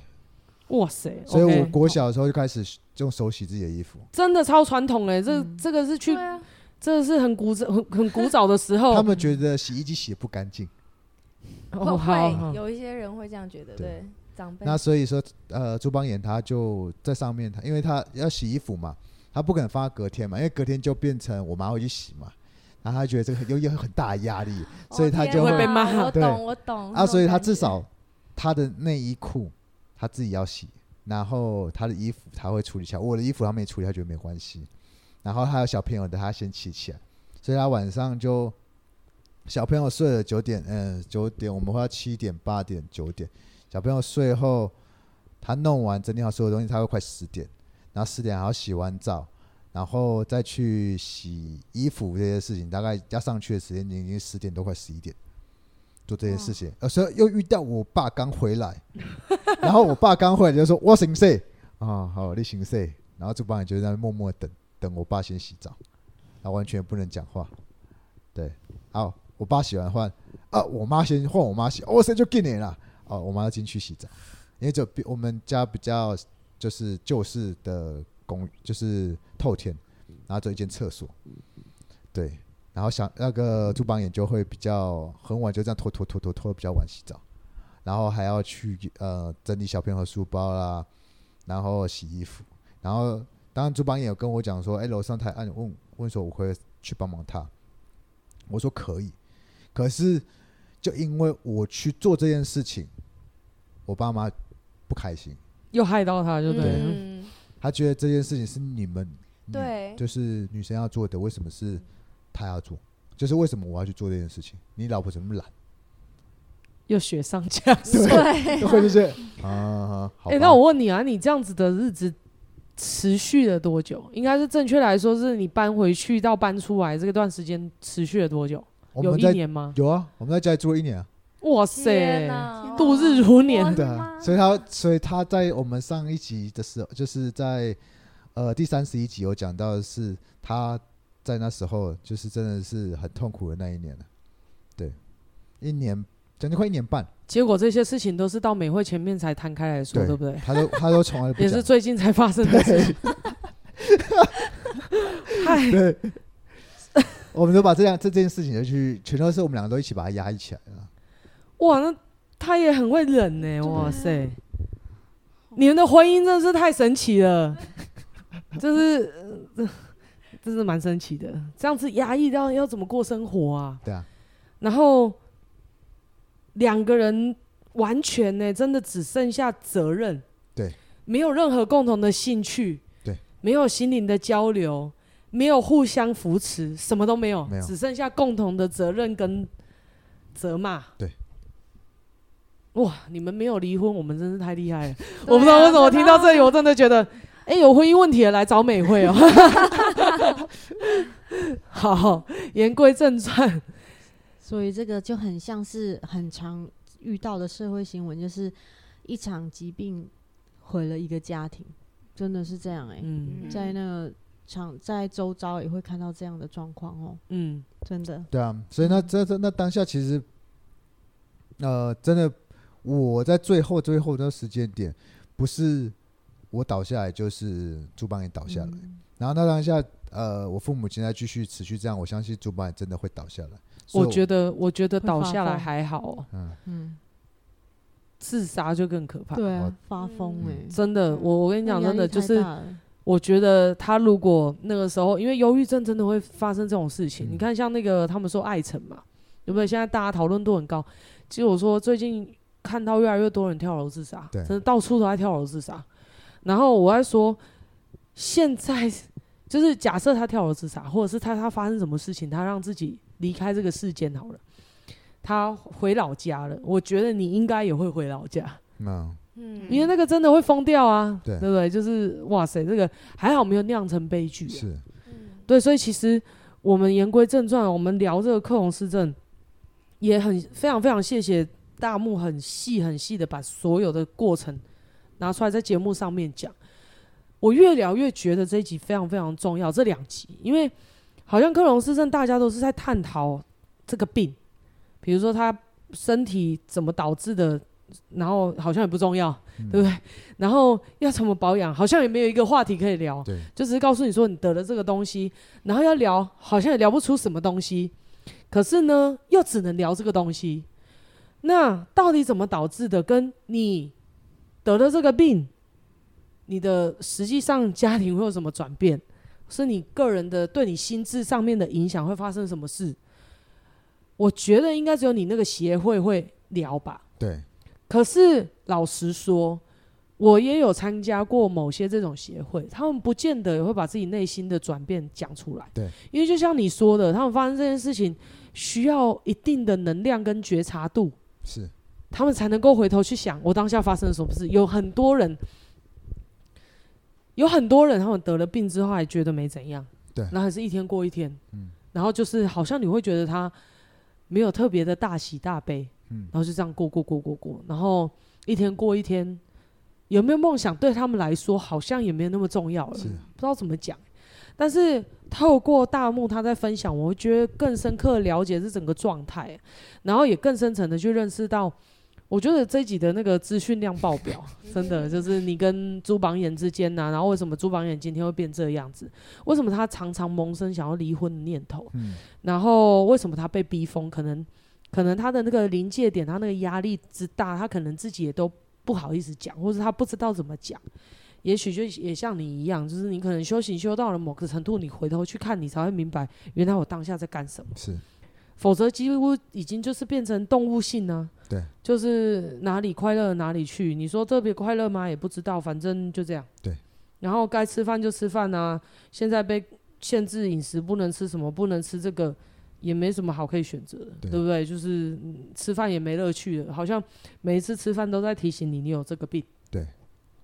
哇塞！所以，我國小的時候就開始用手洗自己的衣服，真的超傳統哎，這這個是去。這是很古早、很很古早的時候。他們覺得洗衣機洗不乾淨，會不會有一些人會這樣覺得，對長輩輩。那所以說，呃，朱榜眼他就在上面，他因為他要洗衣服嘛，他不肯放隔天嘛，因為隔天就變成我媽會去洗嘛，然後他覺得這個有有很大的壓力， 所以他就會被罵。啊、對我懂，我懂。啊，所以他至少他的內衣褲他自己要洗，然後他的衣服他會處理一下。我的衣服他沒處理，他覺得沒關係。然後還有小朋友等他先起起來，所以他晚上就小朋友睡了九點，嗯、呃，九點我們會到七點八點九點，小朋友睡後他弄完整理好所有的東西，他會快十點，然後十點還要洗完澡，然後再去洗衣服這些事情，大概加上去的時間已經十點多快十一點，做這些事情，呃、嗯啊，所以又遇到我爸剛回來，然後我爸剛回來就說 我先睡啊，好你先睡，然後這幫人就在那默默的等。等我爸先洗澡，那、啊、完全不能講話。對，好、哦，我爸洗完換啊，我媽先換，我媽洗，哇塞，就給你了。哦，我媽要進、哦、去洗澡，因為這我們家比較就是舊式的公寓，就是透天，然後這一間廁所。對，然後想那個朱榜眼就會比較很晚，就這樣拖拖拖拖拖比較晚洗澡，然後還要去呃整理小便和書包啦，然後洗衣服，然後。剛剛朱榜眼也有跟我講說，哎，樓上太暗，啊、你問問說我會去幫忙他。我說可以，可是就因為我去做這件事情，我爸媽不開心，又害到他，就對，對，嗯、他覺得這件事情是你們對，就是女生要做的，為什麼是他要做？就是為什麼我要去做這件事情？你老婆怎麼懶？又雪上加霜，對，就是啊，哎、啊啊，那我問你啊，你這樣子的日子，持續了多久？應該是正確來說，是你搬回去到搬出來這個、段時間持續了多久？有一年嗎？有啊，我們在家裡住了一年啊。哇塞，度日如年的、啊，所以他，所以他在我們上一集的時候，就是在呃第三十一集有講到是，是他在那時候就是真的是很痛苦的那一年了。對，一年將近快一年半。結果這些事情都是到美會前面才攤開來說，對，對不對？他都他都從來不講，也是最近才發生的事情。哎 對，我們都把這樣這，這件事情就去，全都是我們兩個都一起把它壓抑起來了。哇，那他也很會忍呢，欸。對哇塞， 你們的婚姻真的是太神奇了， 就是呃、真是真是蠻神奇的。這樣子壓抑到要怎麼過生活啊？對啊，然後。兩個人完全呢、欸，真的只剩下責任，對，沒有任何共同的興趣，對，沒有心靈的交流，沒有互相扶持，什麼都沒有，沒有只剩下共同的責任跟責罵。對，哇，你們沒有離婚，我們真是太厲害了。 啊、我不知道為什麼我聽到這裡，我真的覺得，哎， 有婚姻問題來找美會哦。 好，言歸正傳。所以這個就很像是很常遇到的社會新聞，就是一場疾病毀了一個家庭，真的是這樣哎、欸。嗯，在那個場，在周遭也會看到這樣的狀況哦。嗯，真的。對啊，所以那這這那當下其實，嗯、呃，真的我在最後最後的時間點，不是我倒下來，就是朱榜也倒下來。嗯、然後那當下，呃，我父母現在繼續持續這樣，我相信朱榜也真的會倒下來。So, 我覺得，我覺得倒下來還好、啊，嗯，自殺就更可怕。對、啊，發瘋哎、欸，真的，我、嗯、我跟你講，真的就是，我覺得他如果那個時候，因為憂鬱症真的會發生這種事情。嗯、你看，像那個他們說艾成嘛，有沒有？現在大家討論度很高。其實我說，最近看到越來越多人跳樓自殺，對真的到處都在跳樓自殺。然後我還說，現在就是假設他跳樓自殺，或者是他他發生什麼事情，他讓自己。離開這個世間好了，他回老家了。我覺得你應該也會回老家。沒有，嗯，因為那個真的會瘋掉啊，對，對不對？就是哇塞，這個還好沒有釀成悲劇、啊。是，嗯、對，所以其實我們言歸正傳，我們聊這個克隆氏症也很非常非常謝謝大目，很細很細的把所有的過程拿出來在節目上面講。我越聊越覺得這一集非常非常重要，這兩集，因為。好像克隆氏症大家都是在探討這個病，比如說他身體怎麼導致的，然後好像也不重要，對不對？嗯、然後要怎麼保養，好像也沒有一個話題可以聊，對就只是告訴你說你得了這個東西，然後要聊，好像也聊不出什麼東西。可是呢，又只能聊這個東西。那到底怎麼導致的？跟你得了這個病，你的實際上家庭會有什麼轉變？是你個人的，對你心智上面的影響會發生什麼事？我覺得應該只有你那個協會會聊吧。對。可是老實說，我也有參加過某些這種協會，他們不見得也會把自己內心的轉變講出來。對。因為就像你說的，他們發生這件事情，需要一定的能量跟覺察度，是。他們才能夠回頭去想，我當下發生什麼事。有很多人。有很多人，他們得了病之後還覺得沒怎樣，對，然後還是一天過一天，嗯，然後就是好像你會覺得他沒有特別的大喜大悲，嗯，然後就這樣過過過過過，然後一天過一天，有沒有夢想對他們來說好像也沒有那麼重要了，是，不知道怎麼講，但是透過大目，他在分享，我會覺得更深刻了解這整個狀態，然後也更深層的去認識到。我覺得這集的那個資訊量爆表，真的就是你跟朱榜眼之間吶、啊，然後為什麼朱榜眼今天會變這樣子？為什麼他常常萌生想要離婚的念頭？嗯、然後為什麼他被逼瘋？可能可能他的那個臨界點，他那個壓力之大，他可能自己也都不好意思講，或是他不知道怎麼講。也許就也像你一樣，就是你可能修行修到了某個程度，你回頭去看，你才會明白，原來我當下在幹什麼。是。否則幾乎已經就是變成動物性呢。對，就是哪裡快樂哪裡去。你說特別快樂嗎？也不知道，反正就這樣。對。然後該吃飯就吃飯啊！現在被限制飲食，不能吃什麼，不能吃這個，也沒什麼好可以選擇的，對不對？就是吃飯也沒樂趣的。好像每一次吃飯都在提醒你，你有這個病。對。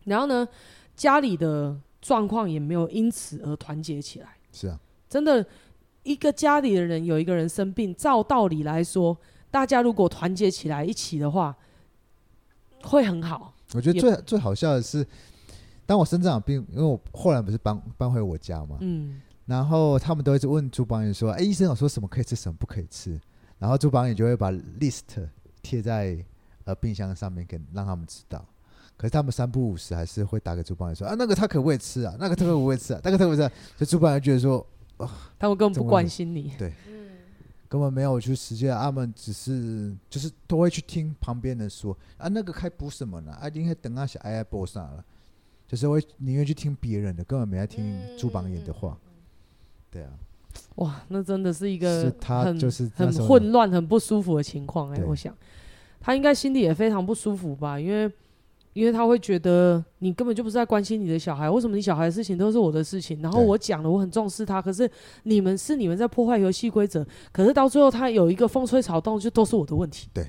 然後呢，家裡的狀況也沒有因此而團結起來。是啊。真的。一個家裡的人有一個人生病，照道理來說，大家如果團結起來一起的話，會很好。我覺得最最好笑的是，當我生這場病，因為我後來不是搬搬回我家嘛，嗯，然後他們都一直問朱榜眼說，哎，醫生有說什麼可以吃，什麼不可以吃？然後朱榜眼就會把 list 貼在呃冰箱上面給讓他們知道。可是他們三不五時還是會打給朱榜眼說，啊，那個他可不可以吃啊？那個他可不、啊、 可以吃、啊？那個他可不、啊那個、可以、啊？所以朱榜眼覺得說。哇！呃、他們根本不關心你，嗯、對，根本沒有去實踐，他們只是就是都會去聽旁邊人說啊，那個開補什麼了，啊，應該等那下、個、是愛播啥了，就是會寧願去聽別人的，根本沒在聽朱榜眼的話，嗯、對啊，哇，那真的是一個他、嗯、就是很混亂、很不舒服的情況哎、欸，對我想他應該心裡也非常不舒服吧，因為。因為他會覺得你根本就不是在關心你的小孩，為什麼你小孩的事情都是我的事情？然後我講了，我很重視他，可是你們是你們在破壞遊戲規則。可是到最後，他有一個風吹草動，就都是我的問題。對。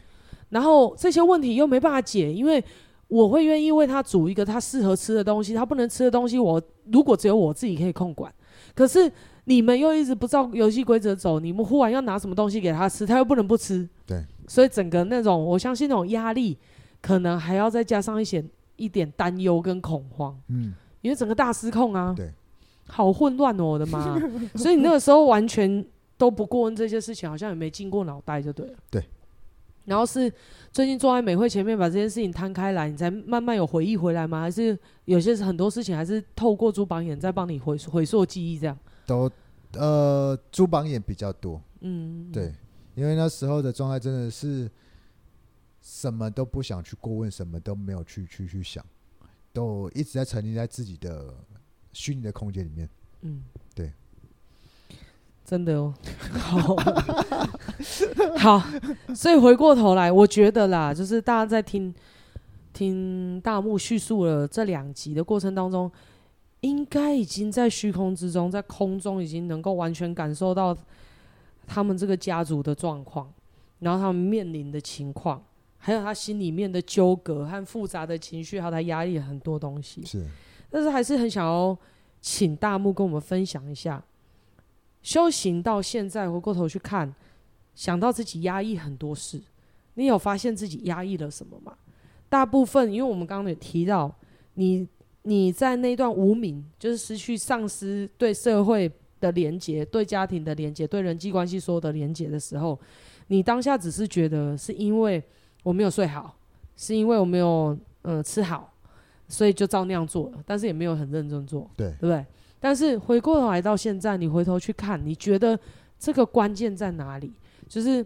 然後這些問題又沒辦法解，因為我會願意為他煮一個他適合吃的東西，他不能吃的東西，我如果只有我自己可以控管，可是你們又一直不照遊戲規則走，你們忽然要拿什麼東西給他吃，他又不能不吃。對。所以整個那種，我相信那種壓力，可能還要再加上一些一點擔憂跟恐慌，嗯，因為整個大失控啊？對，好混亂哦，我的媽啊， 所以你那個時候完全都不過問這些事情，好像也沒經過腦袋就對了，對。然後是最近坐在美會前面把這件事情攤開來，你才慢慢有回憶回來嗎？還是有些很多事情還是透過朱榜眼在幫你回溯回溯記憶這樣？都呃，朱榜眼比較多，嗯，對，嗯、因為那時候的狀態真的是。什麼都不想去過問，什麼都沒有去去去想，都一直在沉溺在自己的虛擬的空間裡面。嗯，對，真的哦，好 好。所以回過頭來，我覺得啦，就是大家在聽聽大目敘述了這兩集的過程當中，應該已經在虛空之中，在空中已經能夠完全感受到他們這個家族的狀況，然後他們面臨的情況。還有他心裡面的糾葛和複雜的情緒，還有他壓抑很多東西。是，但是還是很想要請大目跟我們分享一下，修行到現在回過頭去看，想到自己壓抑很多事，你有發現自己壓抑了什麼嗎？大部分，因為我們剛剛有提到，你你在那段無名，就是失去、喪失對社會的連結、對家庭的連結、對人際關係所有的連結的時候，你當下只是覺得是因為。我沒有睡好，是因為我沒有嗯、呃、吃好，所以就照那樣做了，但是也沒有很認真做，對，對不對？但是回過頭來到現在，你回頭去看，你覺得這個關鍵在哪裡？就是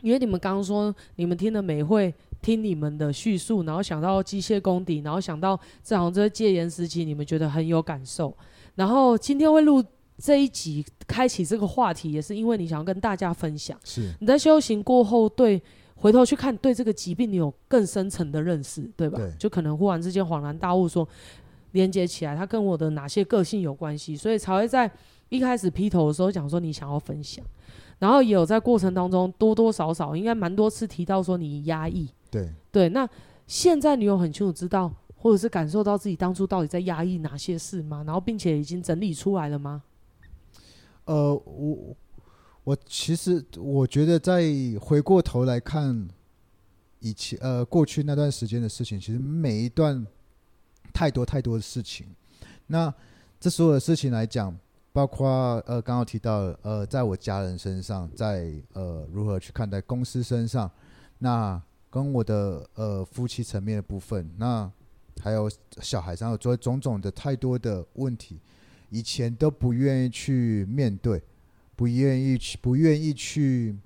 因為你們剛剛說，你們聽了美會聽你們的敘述，然後想到機械功底，然後想到這好像這戒嚴時期，你們覺得很有感受，然後今天會錄這一集，開啟這個話題，也是因為你想要跟大家分享，是你在修行過後，對。回頭去看，對這個疾病你有更深層的認識，對吧？對，就可能忽然之間恍然大悟說，說連接起來，它跟我的哪些個性有關係，所以才會在一開始劈頭的時候講說你想要分享，然後也有在過程當中多多少少應該蠻多次提到說你壓抑，對對。那現在你有很清楚知道，或者是感受到自己當初到底在壓抑哪些事嗎？然後並且已經整理出來了嗎？呃，我。我其實我覺得，在回過頭來看以前呃過去那段時間的事情，其實每一段太多太多的事情。那這所有的事情來講，包括呃剛剛提到呃，在我家人身上，在呃如何去看待公司身上，那跟我的呃夫妻層面的部分，那還有小孩上，有種種的太多的問題，以前都不願意去面對。不願意去，不願意去，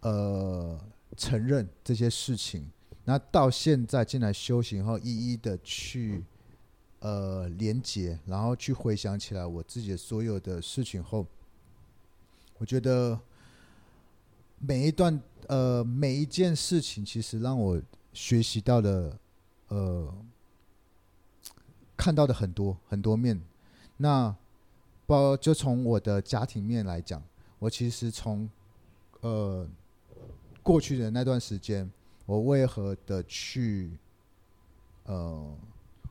呃，承認這些事情。那到現在進來修行後，一一的去，呃，連接，然後去回想起來我自己的所有的事情後，我覺得每一段，呃，每一件事情，其實讓我學習到了，呃，看到的很多很多面。那就從我的家庭面來講，我其實從，呃，過去的那段時間，我為何的去，呃，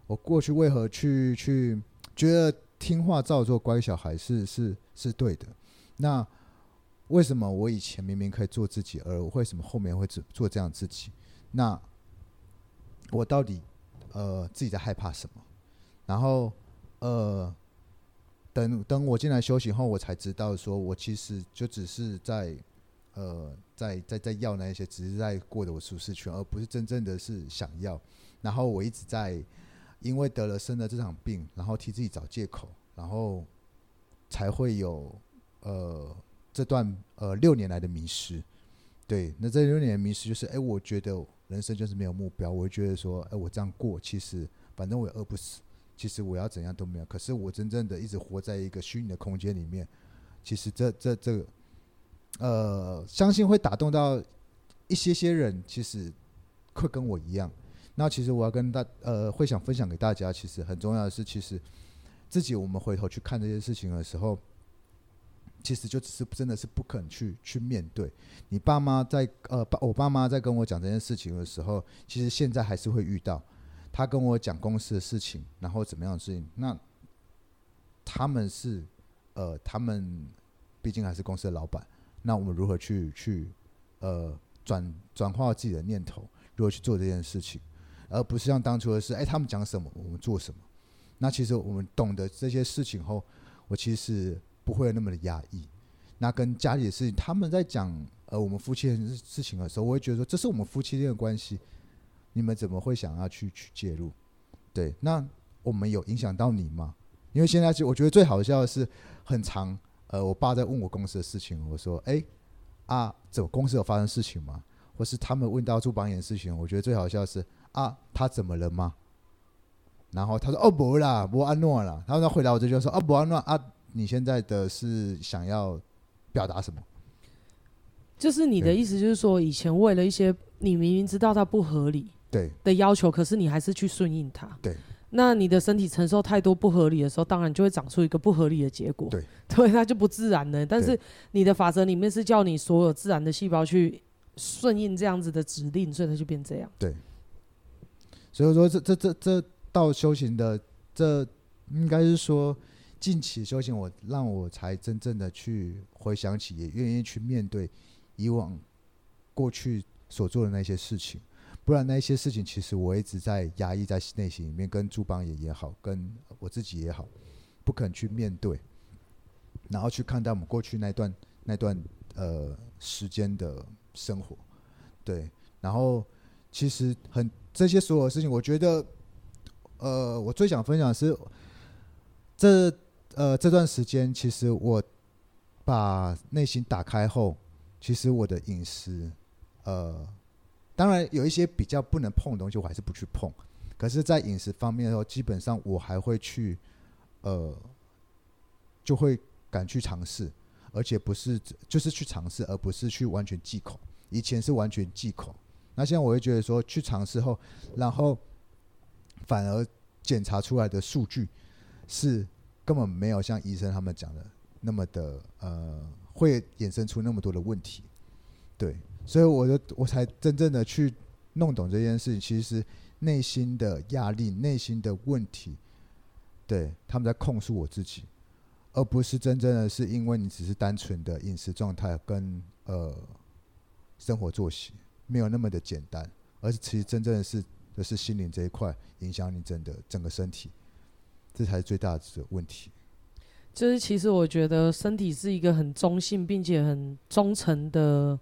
我過去為何去去覺得聽話照做乖小孩是是是對的？那為什麼我以前明明可以做自己，而我為什麼後面會做做這樣自己？那我到底呃自己在害怕什麼？然後呃。等等，等我進來休息後，我才知道，說我其實就只是在，呃，在在在要那一些，只是在過的我舒適圈，而不是真正的是想要。然後我一直在，因為得了生了這場病，然後替自己找借口，然後才會有呃這段呃六年來的迷失。對，那這六年的迷失就是，哎，我覺得人生就是沒有目標，我就覺得說，哎，我這樣過，其實反正我也餓不死。其實我要怎樣都沒有，可是我真正的一直活在一個虛擬的空間裡面。其實這這這，呃，相信會打動到一些些人，其實會跟我一樣。那其實我要跟大呃會想分享給大家，其實很重要的是，其實自己我們回頭去看這件事情的時候，其實就只是真的是不肯去去面對。你爸媽在呃爸我爸媽在跟我講這件事情的時候，其實現在還是會遇到。他跟我講公司的事情，然後怎麼樣的事情？那他們是，呃，他們畢竟還是公司的老闆。那我們如何去去，呃，轉轉化自己的念頭，如何去做這件事情，而不是像當初的是，哎，他們講什麼，我們做什麼？那其實我們懂得這些事情後，我其實不會那麼的壓抑。那跟家裡的事情，他們在講，呃，我們夫妻的事情的時候，我會覺得說，這是我們夫妻之間的關係。你們怎麼會想要去去介入？對，那我們有影響到你嗎？因為現在我覺得最好笑的是很長，呃，我爸在問我公司的事情，我說：“哎、欸，啊，這公司有發生事情嗎？”或是他們問到朱榜眼的事情，我覺得最好笑的是啊，他怎麼了嗎？然後他說：“哦，不啦，不，安諾了。”他要回來，我就就說：“哦，不，安諾啊，你現在的是想要表達什麼？”就是你的意思，就是說對以前為了一些你明明知道它不合理。對的要求，可是你還是去順應它。對，那你的身體承受太多不合理的時候，當然就會長出一個不合理的結果。對，對，它就不自然了。但是你的法則裡面是叫你所有自然的細胞去順應這樣子的指令，所以它就變這樣。對。所以說這，這這這這到修行的，這應該是說近期修行我，我讓我才真正的去回想起，也願意去面對以往過去所做的那些事情。不然，那些事情其實我一直在壓抑在內心裡面，跟朱榜眼也好，跟我自己也好，不肯去面對，然後去看待我們過去那段那段呃時間的生活。對，然後其實很這些所有的事情，我覺得，呃，我最想分享是，這呃這段時間，其實我把內心打開後，其實我的飲食，呃。當然有一些比較不能碰的東西，我還是不去碰。可是，在飲食方面的時候，基本上我還會去，呃，就會敢去嘗試，而且不是就是去嘗試，而不是去完全忌口。以前是完全忌口，那現在我會覺得說去嘗試後，然後反而檢查出來的數據是根本沒有像醫生他們講的那麼的呃，會衍生出那麼多的問題。對。所以，我就我才真正的去弄懂這件事情。其實，內心的壓力、內心的問題，對他們在控訴我自己，而不是真正的是因為你只是單純的飲食狀態跟呃生活作息沒有那麼的簡單，而是其實真正的是的、就是心靈這一塊影響你真的整個身體，這才是最大的問題。就是其實我覺得身體是一個很中性並且很忠誠的。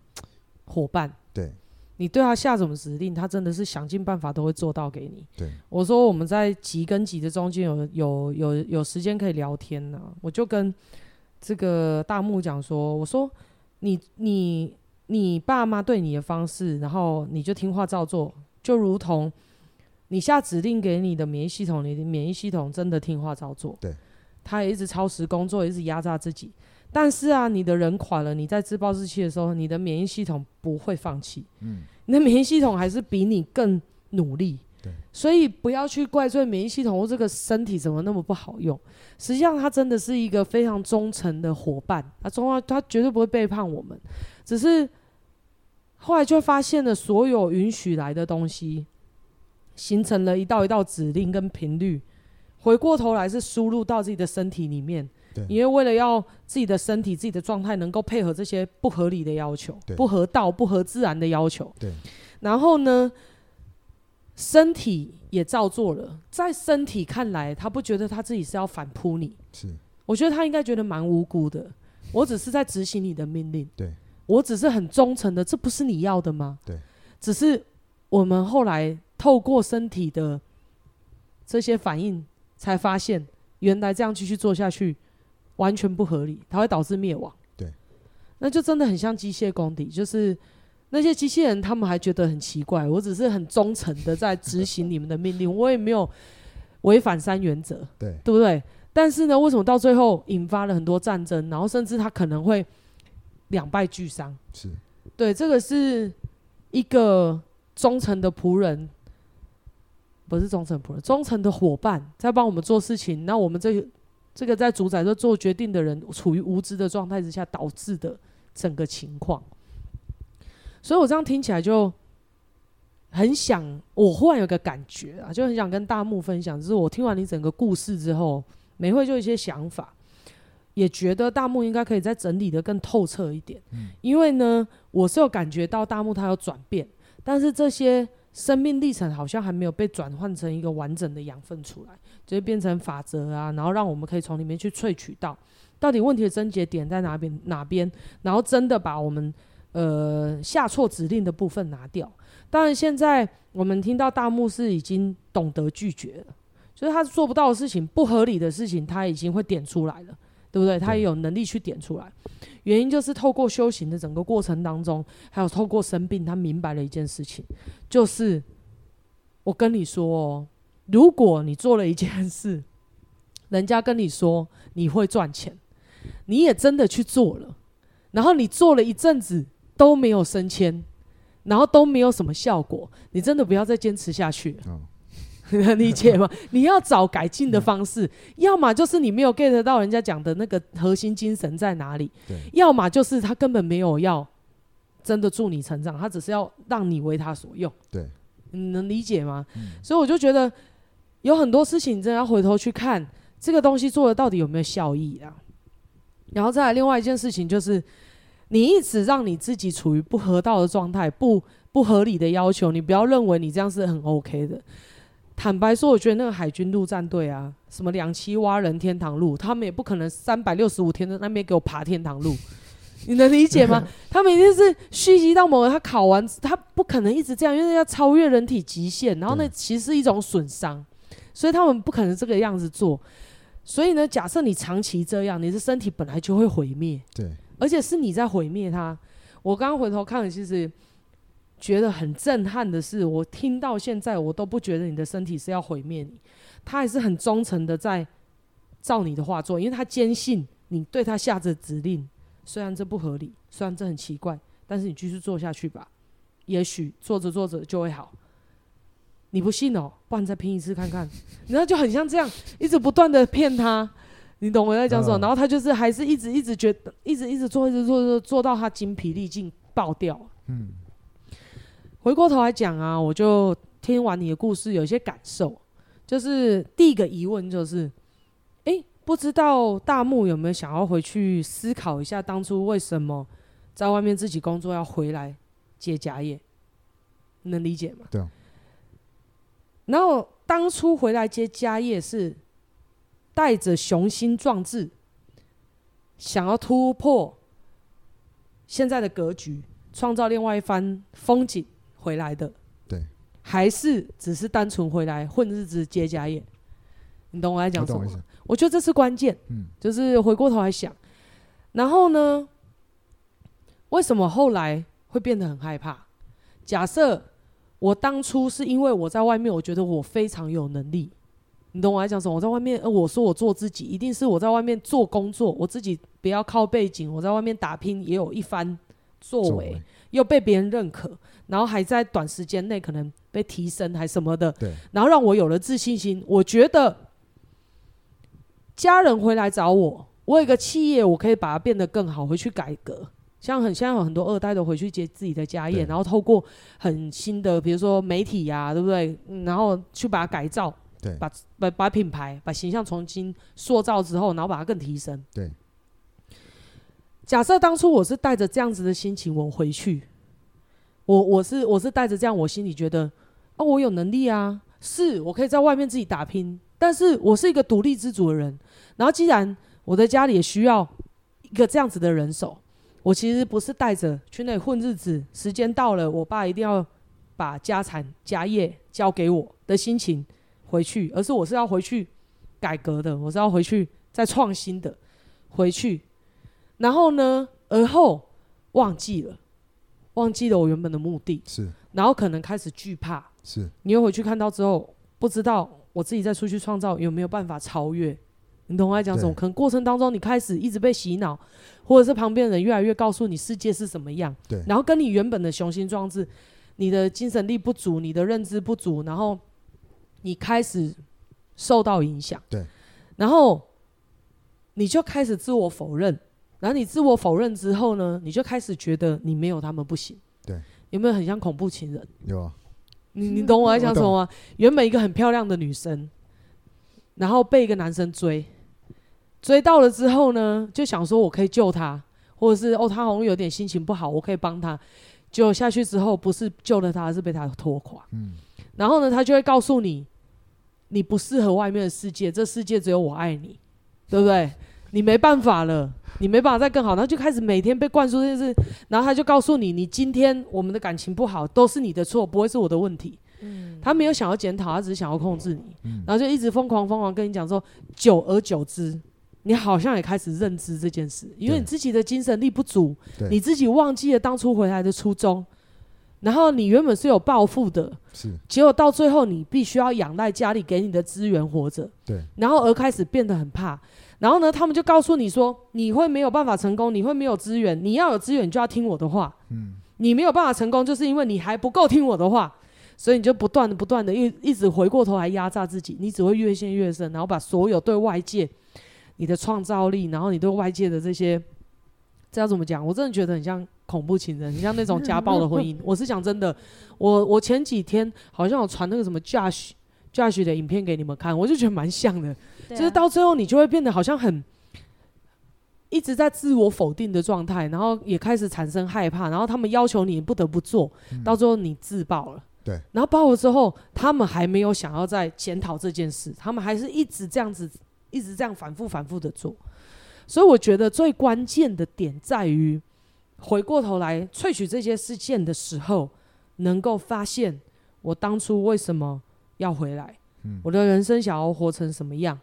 夥伴，對你對他下什麼指令，他真的是想盡辦法都會做到給你。對，我說，我們在集跟集的中間，有有有有時間可以聊天呢、啊。我就跟這個大目講說，我說你你你爸媽對你的方式，然後你就聽話照做，就如同你下指令給你的免疫系統，你的免疫系統真的聽話照做。對，他也一直超時工作，一直壓榨自己。但是啊，你的人垮了，你在自暴自棄的時候，你的免疫系統不會放棄，嗯，你的免疫系統還是比你更努力，對所以不要去怪罪免疫系統或這個身體怎麼那麼不好用，實際上它真的是一個非常忠誠的伙伴，它忠啊，它絕對不會背叛我們，只是後來就發現了所有允許來的東西，形成了一道一道指令跟頻率，回過頭來是輸入到自己的身體裡面。對因為為了要自己的身體、自己的狀態能夠配合這些不合理的要求、對不合道、不合自然的要求，對然後呢，身體也照做了。在身體看來，他不覺得他自己是要反撲你。是我覺得他應該覺得蠻無辜的。我只是在執行你的命令。 對，我只是很忠誠的，這不是你要的嗎？對，只是我們後來透過身體的這些反應，才發現原來這樣繼續做下去完全不合理，它會導致滅亡。對，那就真的很像機械公敵，就是那些機器人，他們還覺得很奇怪。我只是很忠誠的在執行你們的命令， 我也沒有違反三原則，對，對不對？但是呢，為什麼到最後引發了很多戰爭，然後甚至他可能會兩敗俱傷？是對，這個是一個忠誠的僕人，不是忠誠僕人，忠誠的夥伴在幫我們做事情。那我們這。這個在主宰着做決定的人處於無知的狀態之下導致的整個情況，所以我這樣聽起來就很想，我忽然有個感覺啊，就很想跟大目分享，就是我聽完你整個故事之後，美會就一些想法，也覺得大目應該可以再整理得更透徹一點，因為呢，我是有感覺到大目他有轉變，但是這些。生命歷程好像還沒有被轉換成一個完整的養分出來，就會變成法則啊，然後讓我們可以從裡面去萃取到，到底問題的症結點在哪邊哪邊，然後真的把我們呃下錯指令的部分拿掉。當然，現在我們聽到大目是已經懂得拒絕了，就是他做不到的事情、不合理的事情，他已經會點出來了。對不對？他也有能力去點出來，對原因就是透過修行的整個過程當中，還有透過生病，他明白了一件事情，就是我跟你說，如果你做了一件事，人家跟你說你會賺錢，你也真的去做了，然後你做了一陣子都沒有升遷，然後都沒有什麼效果，你真的不要再堅持下去。哦 你能理解嗎？ 你要找改進的方式，嗯、要麼就是你沒有 get 到人家講的那個核心精神在哪裡，對要麼就是他根本沒有要真的助你成長，他只是要讓你為他所用，對你能理解嗎？嗯、所以我就覺得有很多事情，你真的要回頭去看這個東西做的到底有沒有效益啊。然後再來另外一件事情就是，你一直讓你自己處於不合道的狀態，不不合理的要求，你不要認為你這樣是很 OK 的。坦白說，我覺得那個海軍陸戰隊啊，什麼兩棲蛙人天堂路，他們也不可能三百六十五天在那邊給我爬天堂路， 你能理解嗎？ 他們一定是蓄積到某人，他考完，他不可能一直這樣，因為要超越人體極限，然後那其實是一種損傷，對所以他們不可能這個樣子做。所以呢，假設你長期這樣，你的身體本來就會毀滅，對，而且是你在毀滅它。我剛剛回頭看其實。覺得很震撼的是，我聽到現在我都不覺得你的身體是要毀滅你，他還是很忠誠的在照你的話做，因為他堅信你對他下着指令，雖然這不合理，雖然這很奇怪，但是你繼續做下去吧，也許做着做着就會好。你不信哦，不然再拼一次看看。然後就很像這樣，一直不斷的騙他，你懂我在講什麼？然後他就是還是一直一直覺得，一直一直做，一直做，做做到他精疲力盡爆掉。嗯。回過頭來講啊，我就聽完你的故事，有些感受，就是第一個疑問就是，誒、欸，不知道大目有沒有想要回去思考一下，當初為什麼在外面自己工作要回來接家業，你能理解嗎？對。然後當初回來接家業是帶着雄心壯志，想要突破現在的格局，創造另外一番風景。回來的，對，還是只是單純回來混日子、接家業？你懂我在講什麼？啊，我覺得這是關鍵。嗯，就是回過頭來想，然後呢，為什麼後來會變得很害怕？假設我當初是因為我在外面，我覺得我非常有能力。你懂我在講什麼？我在外面，呃，我說我做自己，一定是我在外面做工作，我自己不要靠背景，我在外面打拼也有一番。作為又被別人認可，然後還在短時間內可能被提升還什麼的，對，然後讓我有了自信心。我覺得家人回來找我，我有一個企業，我可以把它變得更好，回去改革。像很現在有很多二代都回去接自己的家業，對然後透過很新的，比如說媒體啊，對不對？嗯，然後去把它改造，對，把把把品牌、把形象重新塑造之後，然後把它更提升，對。假設當初我是帶着這樣子的心情我回去，我我是我是帶着這樣，我心裡覺得，啊，我有能力啊，是我可以在外面自己打拼，但是我是一個獨立自主的人。然後既然我在家裡也需要一個這樣子的人手，我其實不是帶着去那裡混日子，時間到了，我爸一定要把家產家業交給我的心情回去，而是我是要回去改革的，我是要回去再創新的，回去。然後呢？而後忘記了，忘記了我原本的目的是。然後可能開始懼怕，是。你又回去看到之後，不知道我自己再出去創造有沒有辦法超越？你懂我在講什麼？對可能過程當中，你開始一直被洗腦，或者是旁邊的人越來越告訴你世界是什麼樣。對。然後跟你原本的雄心壯志，你的精神力不足，你的認知不足，然後你開始受到影響。對。然後你就開始自我否認。然後你自我否認之後呢，你就開始覺得你沒有他們不行。對，有沒有很像恐怖情人？有啊，你你懂我在想什麼嗎？我懂。原本一個很漂亮的女生，然後被一個男生追，追到了之後呢，就想說我可以救她，或者是哦她好像有點心情不好，我可以幫她。就下去之後，不是救了她，而是被她拖垮。嗯，然後呢，她就會告訴你，你不適合外面的世界，這世界只有我愛你，對不對？你沒辦法了。 你沒辦法再更好，然後就開始每天被灌輸這件事，然後他就告訴你，你今天我們的感情不好，都是你的錯，不會是我的問題。嗯、他沒有想要檢討，他只是想要控制你，嗯、然後就一直瘋狂瘋狂跟你講說，久而久之，你好像也開始認知這件事，因為你自己的精神力不足，對你自己忘記了當初回來的初衷，對然後你原本是有抱負的，是，結果到最後你必須要仰賴在家裡給你的資源活着，對，然後而開始變得很怕。然後呢，他們就告訴你說，你會沒有辦法成功，你會沒有資源，你要有資源就要聽我的話。嗯，你沒有辦法成功，就是因為你還不夠聽我的話，所以你就不斷的、不斷的一一直回過頭來壓榨自己，你只會越陷越深，然後把所有對外界你的創造力，然後你對外界的這些，這要怎麼講？我真的覺得很像恐怖情人，你像那種家暴的婚姻。 我是講真的，我我前幾天好像有傳那個什麼駕駛下去的影片給你們看，我就覺得蠻像的。啊、就是到最後，你就會變得好像很一直在自我否定的狀態，然後也開始產生害怕，然後他們要求你不得不做、嗯、到最後你自爆了。對，然後爆了之後，他們還沒有想要再檢討這件事，他們還是一直這樣子，一直這樣反覆反覆的做。所以我覺得最關鍵的點在於，回過頭來萃取這些事件的時候，能夠發現我當初為什麼。要回來，嗯、我的人生想要活成什麼樣？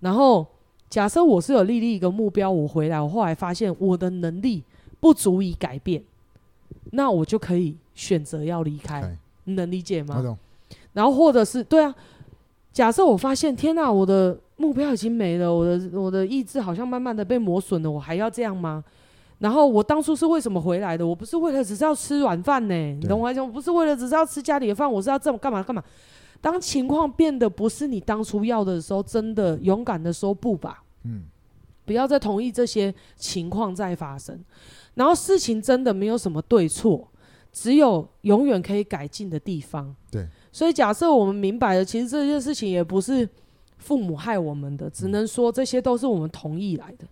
然後假設我是有立立一個目標，我回來，我後來發現我的能力不足以改變，那我就可以選擇要離開。Okay 你能理解嗎？I know. 然後或者是對啊，假設我發現天哪、啊，我的目標已經沒了，我的我的意志好像慢慢的被磨損了，我還要這樣嗎？然後我當初是為什麼回來的？我不是為了只是要吃軟飯呢？你懂對我意思，不是為了只是要吃家裡的飯，我是要這麼幹嘛幹嘛？當情況變得不是你當初要的時候，真的勇敢的說不吧，嗯，不要再同意這些情況再發生。然後事情真的沒有什麼對錯，只有永遠可以改進的地方。對，所以假設我們明白了，其實這件事情也不是父母害我們的，只能說這些都是我們同意來的。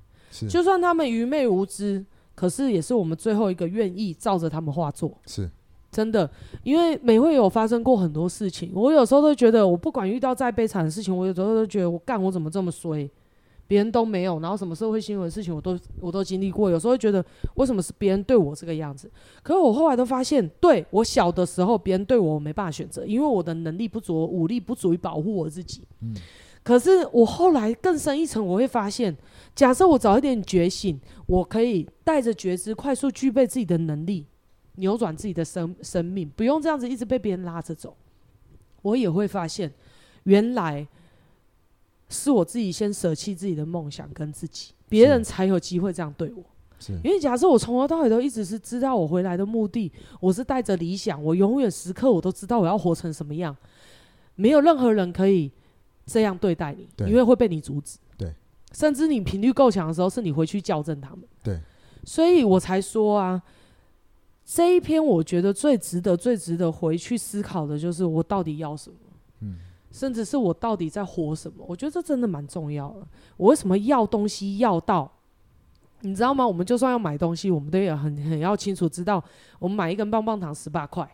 嗯，就算他們愚昧無知，是，可是也是我們最後一個願意照着他們話做。是。真的，因為每會有發生過很多事情，我有時候都覺得，我不管遇到再悲慘的事情，我有時候都覺得，我幹我怎麼這麼衰，別人都沒有，然後什麼社會新聞的事情，我都我都經歷過，有時候覺得為什麼是別人對我這個樣子？可是我後來都發現，對，我小的時候，別人對我，我沒辦法選擇，因為我的能力不足，武力不足以保護我自己。嗯。可是我後來更深一層，我會發現，假設我早一點覺醒，我可以帶着覺知，快速具備自己的能力。扭轉自己的生生命，不用這樣子一直被別人拉着走。我也會發現，原來是我自己先捨棄自己的夢想跟自己，別人才有機會這樣對我。是，因為假設我從頭到尾都一直是知道我回來的目的，我是帶着理想，我永遠時刻我都知道我要活成什麼樣，沒有任何人可以這樣對待你，對因為會被你阻止。對，甚至你頻率夠強的時候，是你回去校正他們。對，所以我才說啊。這一篇我覺得最值得、最值得回去思考的就是我到底要什麼，嗯，甚至是我到底在活什麼？我覺得這真的蠻重要的。我為什麼要東西要到？你知道嗎？我們就算要買東西，我們都也很、很要清楚知道，我們買一根棒棒糖十八塊，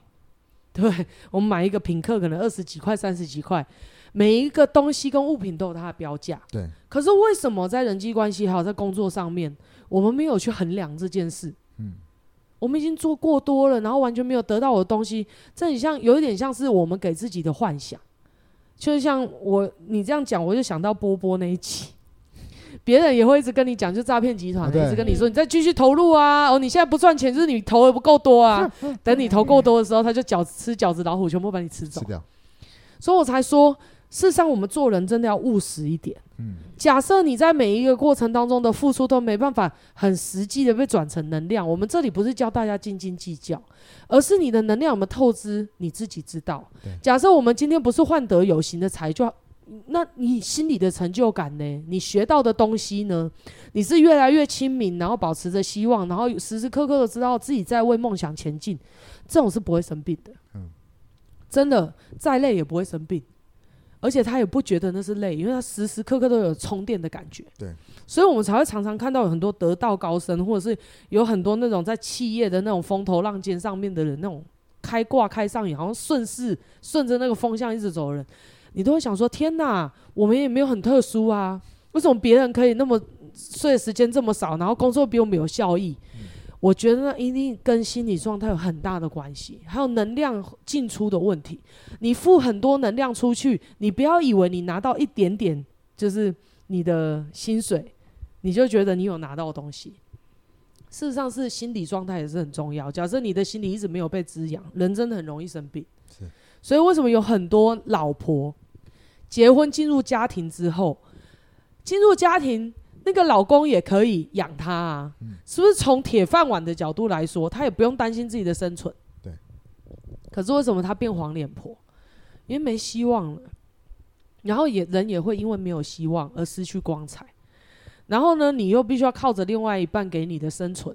對，我們買一個品客可能二十幾塊、三十幾塊，每一個東西跟物品都有它的標價，對。可是為什麼在人際關係還有在工作上面，我們沒有去衡量這件事？我們已經做過多了，然後完全沒有得到我的東西，這很像，有一點像是我們給自己的幻想。就像我你這樣講，我就想到波波那一集，別人也會一直跟你講，就詐騙集團、啊、一直跟你說，你再繼續投入啊，哦，你現在不賺錢，就是你投的不夠多啊，呵呵，等你投夠多的時候，嗯、他就餃子吃餃子老虎，全部把你吃走。吃掉。所以我才說。事實上，我們做人真的要務實一點。假設你在每一個過程當中的付出都沒辦法很實際的被轉成能量，我們這裡不是教大家斤斤計較，而是你的能量有沒有透支，你自己知道。假設我們今天不是換得有形的財叫，那你心裡的成就感呢？你學到的東西呢？你是越來越清明，然後保持着希望，然後時時刻刻的知道自己在為夢想前進，這種是不會生病的。真的再累也不會生病。而且他也不覺得那是累，因為他時時刻刻都有充電的感覺。對，所以我們才會常常看到有很多得道高僧，或者是有很多那種在企業的那種風頭浪尖上面的人，那種開掛開上癮，然後順勢順着那個風向一直走的人，你都會想說：天哪，我們也沒有很特殊啊，為什麼別人可以那麼睡的時間這麼少，然後工作比我們有效益？我覺得那一定跟心理狀態有很大的關係，還有能量進出的問題。你付很多能量出去，你不要以為你拿到一點點就是你的薪水，你就覺得你有拿到東西。事實上，是心理狀態也是很重要。假設你的心理一直沒有被滋養，人真的很容易生病。是所以，為什麼有很多老婆結婚進入家庭之後，進入家庭？那個老公也可以養她啊，是不是從鐵飯碗的角度來說，他也不用擔心自己的生存？對。可是為什麼他變黃臉婆？因為沒希望了。然後也人也會因為沒有希望而失去光彩。然後呢，你又必須要靠着另外一半給你的生存，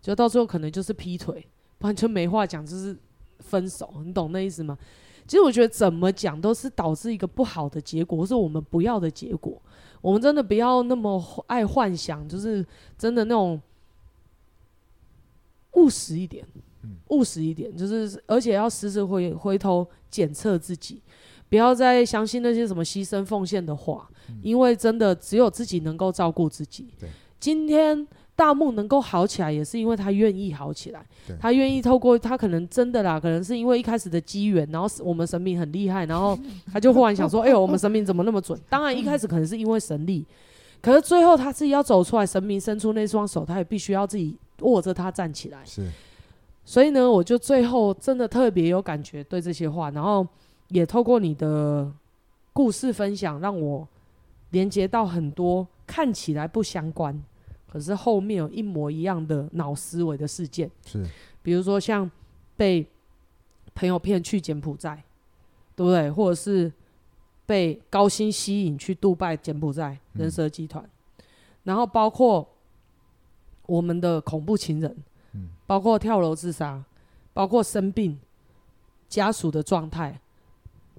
就到最後可能就是劈腿，完全沒話講，就是分手。你懂那意思嗎？其實我覺得怎麼講都是導致一個不好的結果，或是我們不要的結果。我們真的不要那麼愛幻想，就是真的那種務實一點，嗯、務實一點，就是而且要時時回回頭檢測自己，不要再相信那些什麼犧牲奉獻的話，嗯、因為真的只有自己能夠照顧自己。嗯、今天。大目能夠好起來，也是因為他願意好起來。他願意透過他可能真的啦，可能是因為一開始的機緣，然後我們神明很厲害，然後他就忽然想說：“哎呦，我們神明怎麼那麼準？”當然，一開始可能是因為神力，可是最後他自己要走出來，神明伸出那雙手，他也必須要自己握着他站起來。是，所以呢，我就最後真的特別有感覺對這些話，然後也透過你的故事分享，讓我連接到很多看起來不相關。可是後面有一模一樣的腦思維的事件，是，比如說像被朋友騙去柬埔寨，對不對？或者是被高薪吸引去杜拜、柬埔寨、人蛇集團，然後包括我們的恐怖情人，嗯，包括跳樓自殺，包括生病，家屬的狀態，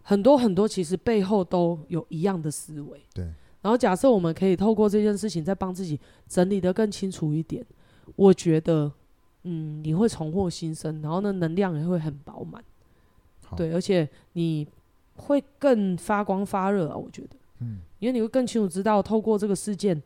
很多很多，其實背後都有一樣的思維，對。然後假設我們可以透過這件事情再幫自己整理得更清楚一點，我覺得，嗯，你會重獲新生，然後呢，能量也會很飽滿，好對，而且你會更發光發熱啊，我覺得，嗯，因為你會更清楚知道透過這個事件，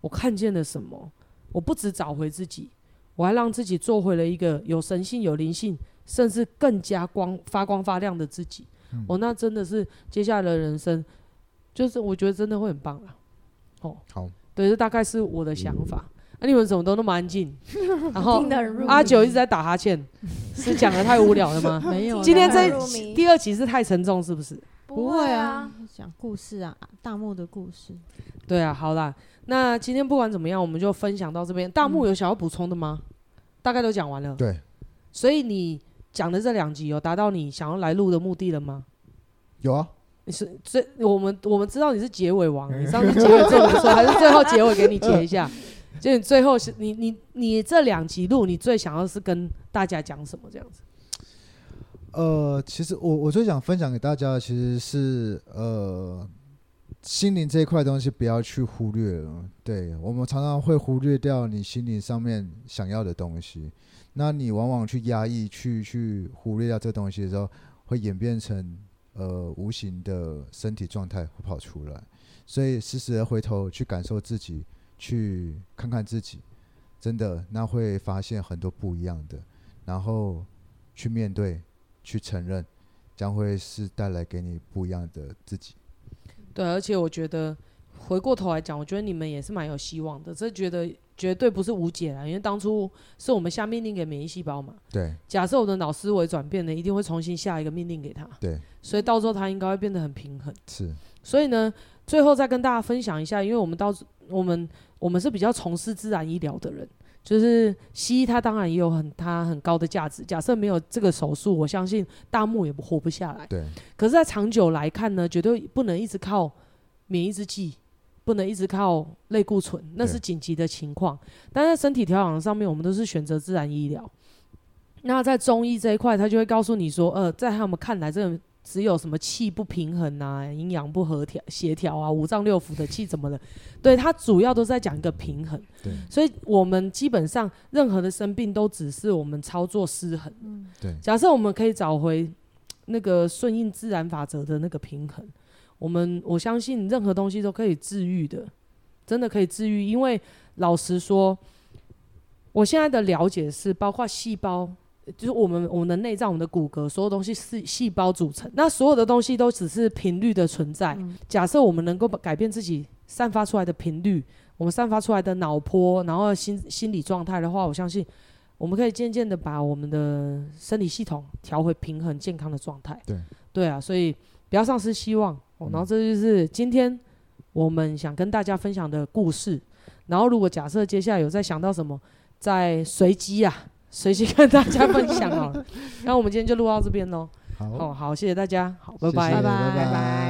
我看見了什麼，我不止找回自己，我還讓自己做回了一個有神性、有靈性，甚至更加光發光發亮的自己，我、嗯哦、那真的是接下來的人生。就是我覺得真的會很棒了哦，好，對，這大概是我的想法。那你們怎麼都那麼安靜？然後阿九一直在打哈欠，是講得太無聊了嗎？沒有。今天這第二集是太沉重是不是？不會啊，講故事啊，大目的故事。對啊，好啦，那今天不管怎麼樣，我們就分享到這邊。大目有想要補充的嗎？大概都講完了。對。所以你講的這兩集有達到你想要來錄的目的了嗎？有啊。你是最我們我們知道你是結尾王，你上次結尾做得不錯，還是最後結尾給你結一下。就你最後是你你你這兩集錄，你最想要是跟大家講什麼這樣子？呃，其實我我最想分享給大家的，其實是呃心靈這一塊東西不要去忽略了。對我們常常會忽略掉你心靈上面想要的東西，那你往往去壓抑去去忽略掉這個東西的時候，會演變成。呃，無形的身體狀態會跑出來，所以時時的回頭去感受自己，去看看自己，真的那會發現很多不一樣的，然後去面對，去承認，將會是帶來給你不一樣的自己。對，而且我覺得回過頭來講，我覺得你們也是蠻有希望的，真的覺得。絕對不是無解啦，因為當初是我們下命令給免疫細胞嘛。對。假設我的腦思維轉變呢，一定會重新下一個命令給他。對。所以到時候他應該會變得很平衡。是。所以呢，最後再跟大家分享一下，因為我們到我們我們是比較從事自然醫療的人，就是西醫它當然也有很它很高的價值。假設沒有這個手術，我相信大木也活不下來。對。可是，在長久來看呢，絕對不能一直靠免疫製劑。不能一直靠類固醇，那是緊急的情況。對但在身體調養上面，我們都是選擇自然醫療。那在中醫這一塊，他就會告訴你說，呃，在他們看來，這個只有什麼氣不平衡啊，營養不協調、協調啊，五臟六腑的氣怎麼了？ 對，他主要都是在講一個平衡。對所以我們基本上任何的生病都只是我們操作失衡。嗯、對。假設我們可以找回那個順應自然法則的那個平衡，我們我相信任何東西都可以治癒的，真的可以治癒。因為老實說，我現在的了解是，包括細胞，就是我們我們的內臟、我們的骨骼，所有東西是細胞組成。那所有的東西都只是頻率的存在。嗯、假設我們能夠改變自己散發出來的頻率，我們散發出來的腦波，然後心心理狀態的話，我相信我們可以漸漸的把我們的生理系統調回平衡、健康的狀態。對，對啊，所以不要喪失希望。哦，然後這就是今天我們想跟大家分享的故事。然後，如果假設接下來有再想到什麼，再隨機啊，隨機跟大家分享好了。 那我們今天就錄到這邊嘍。好，哦，好，謝謝大家，好，謝謝，拜拜，拜拜，拜拜。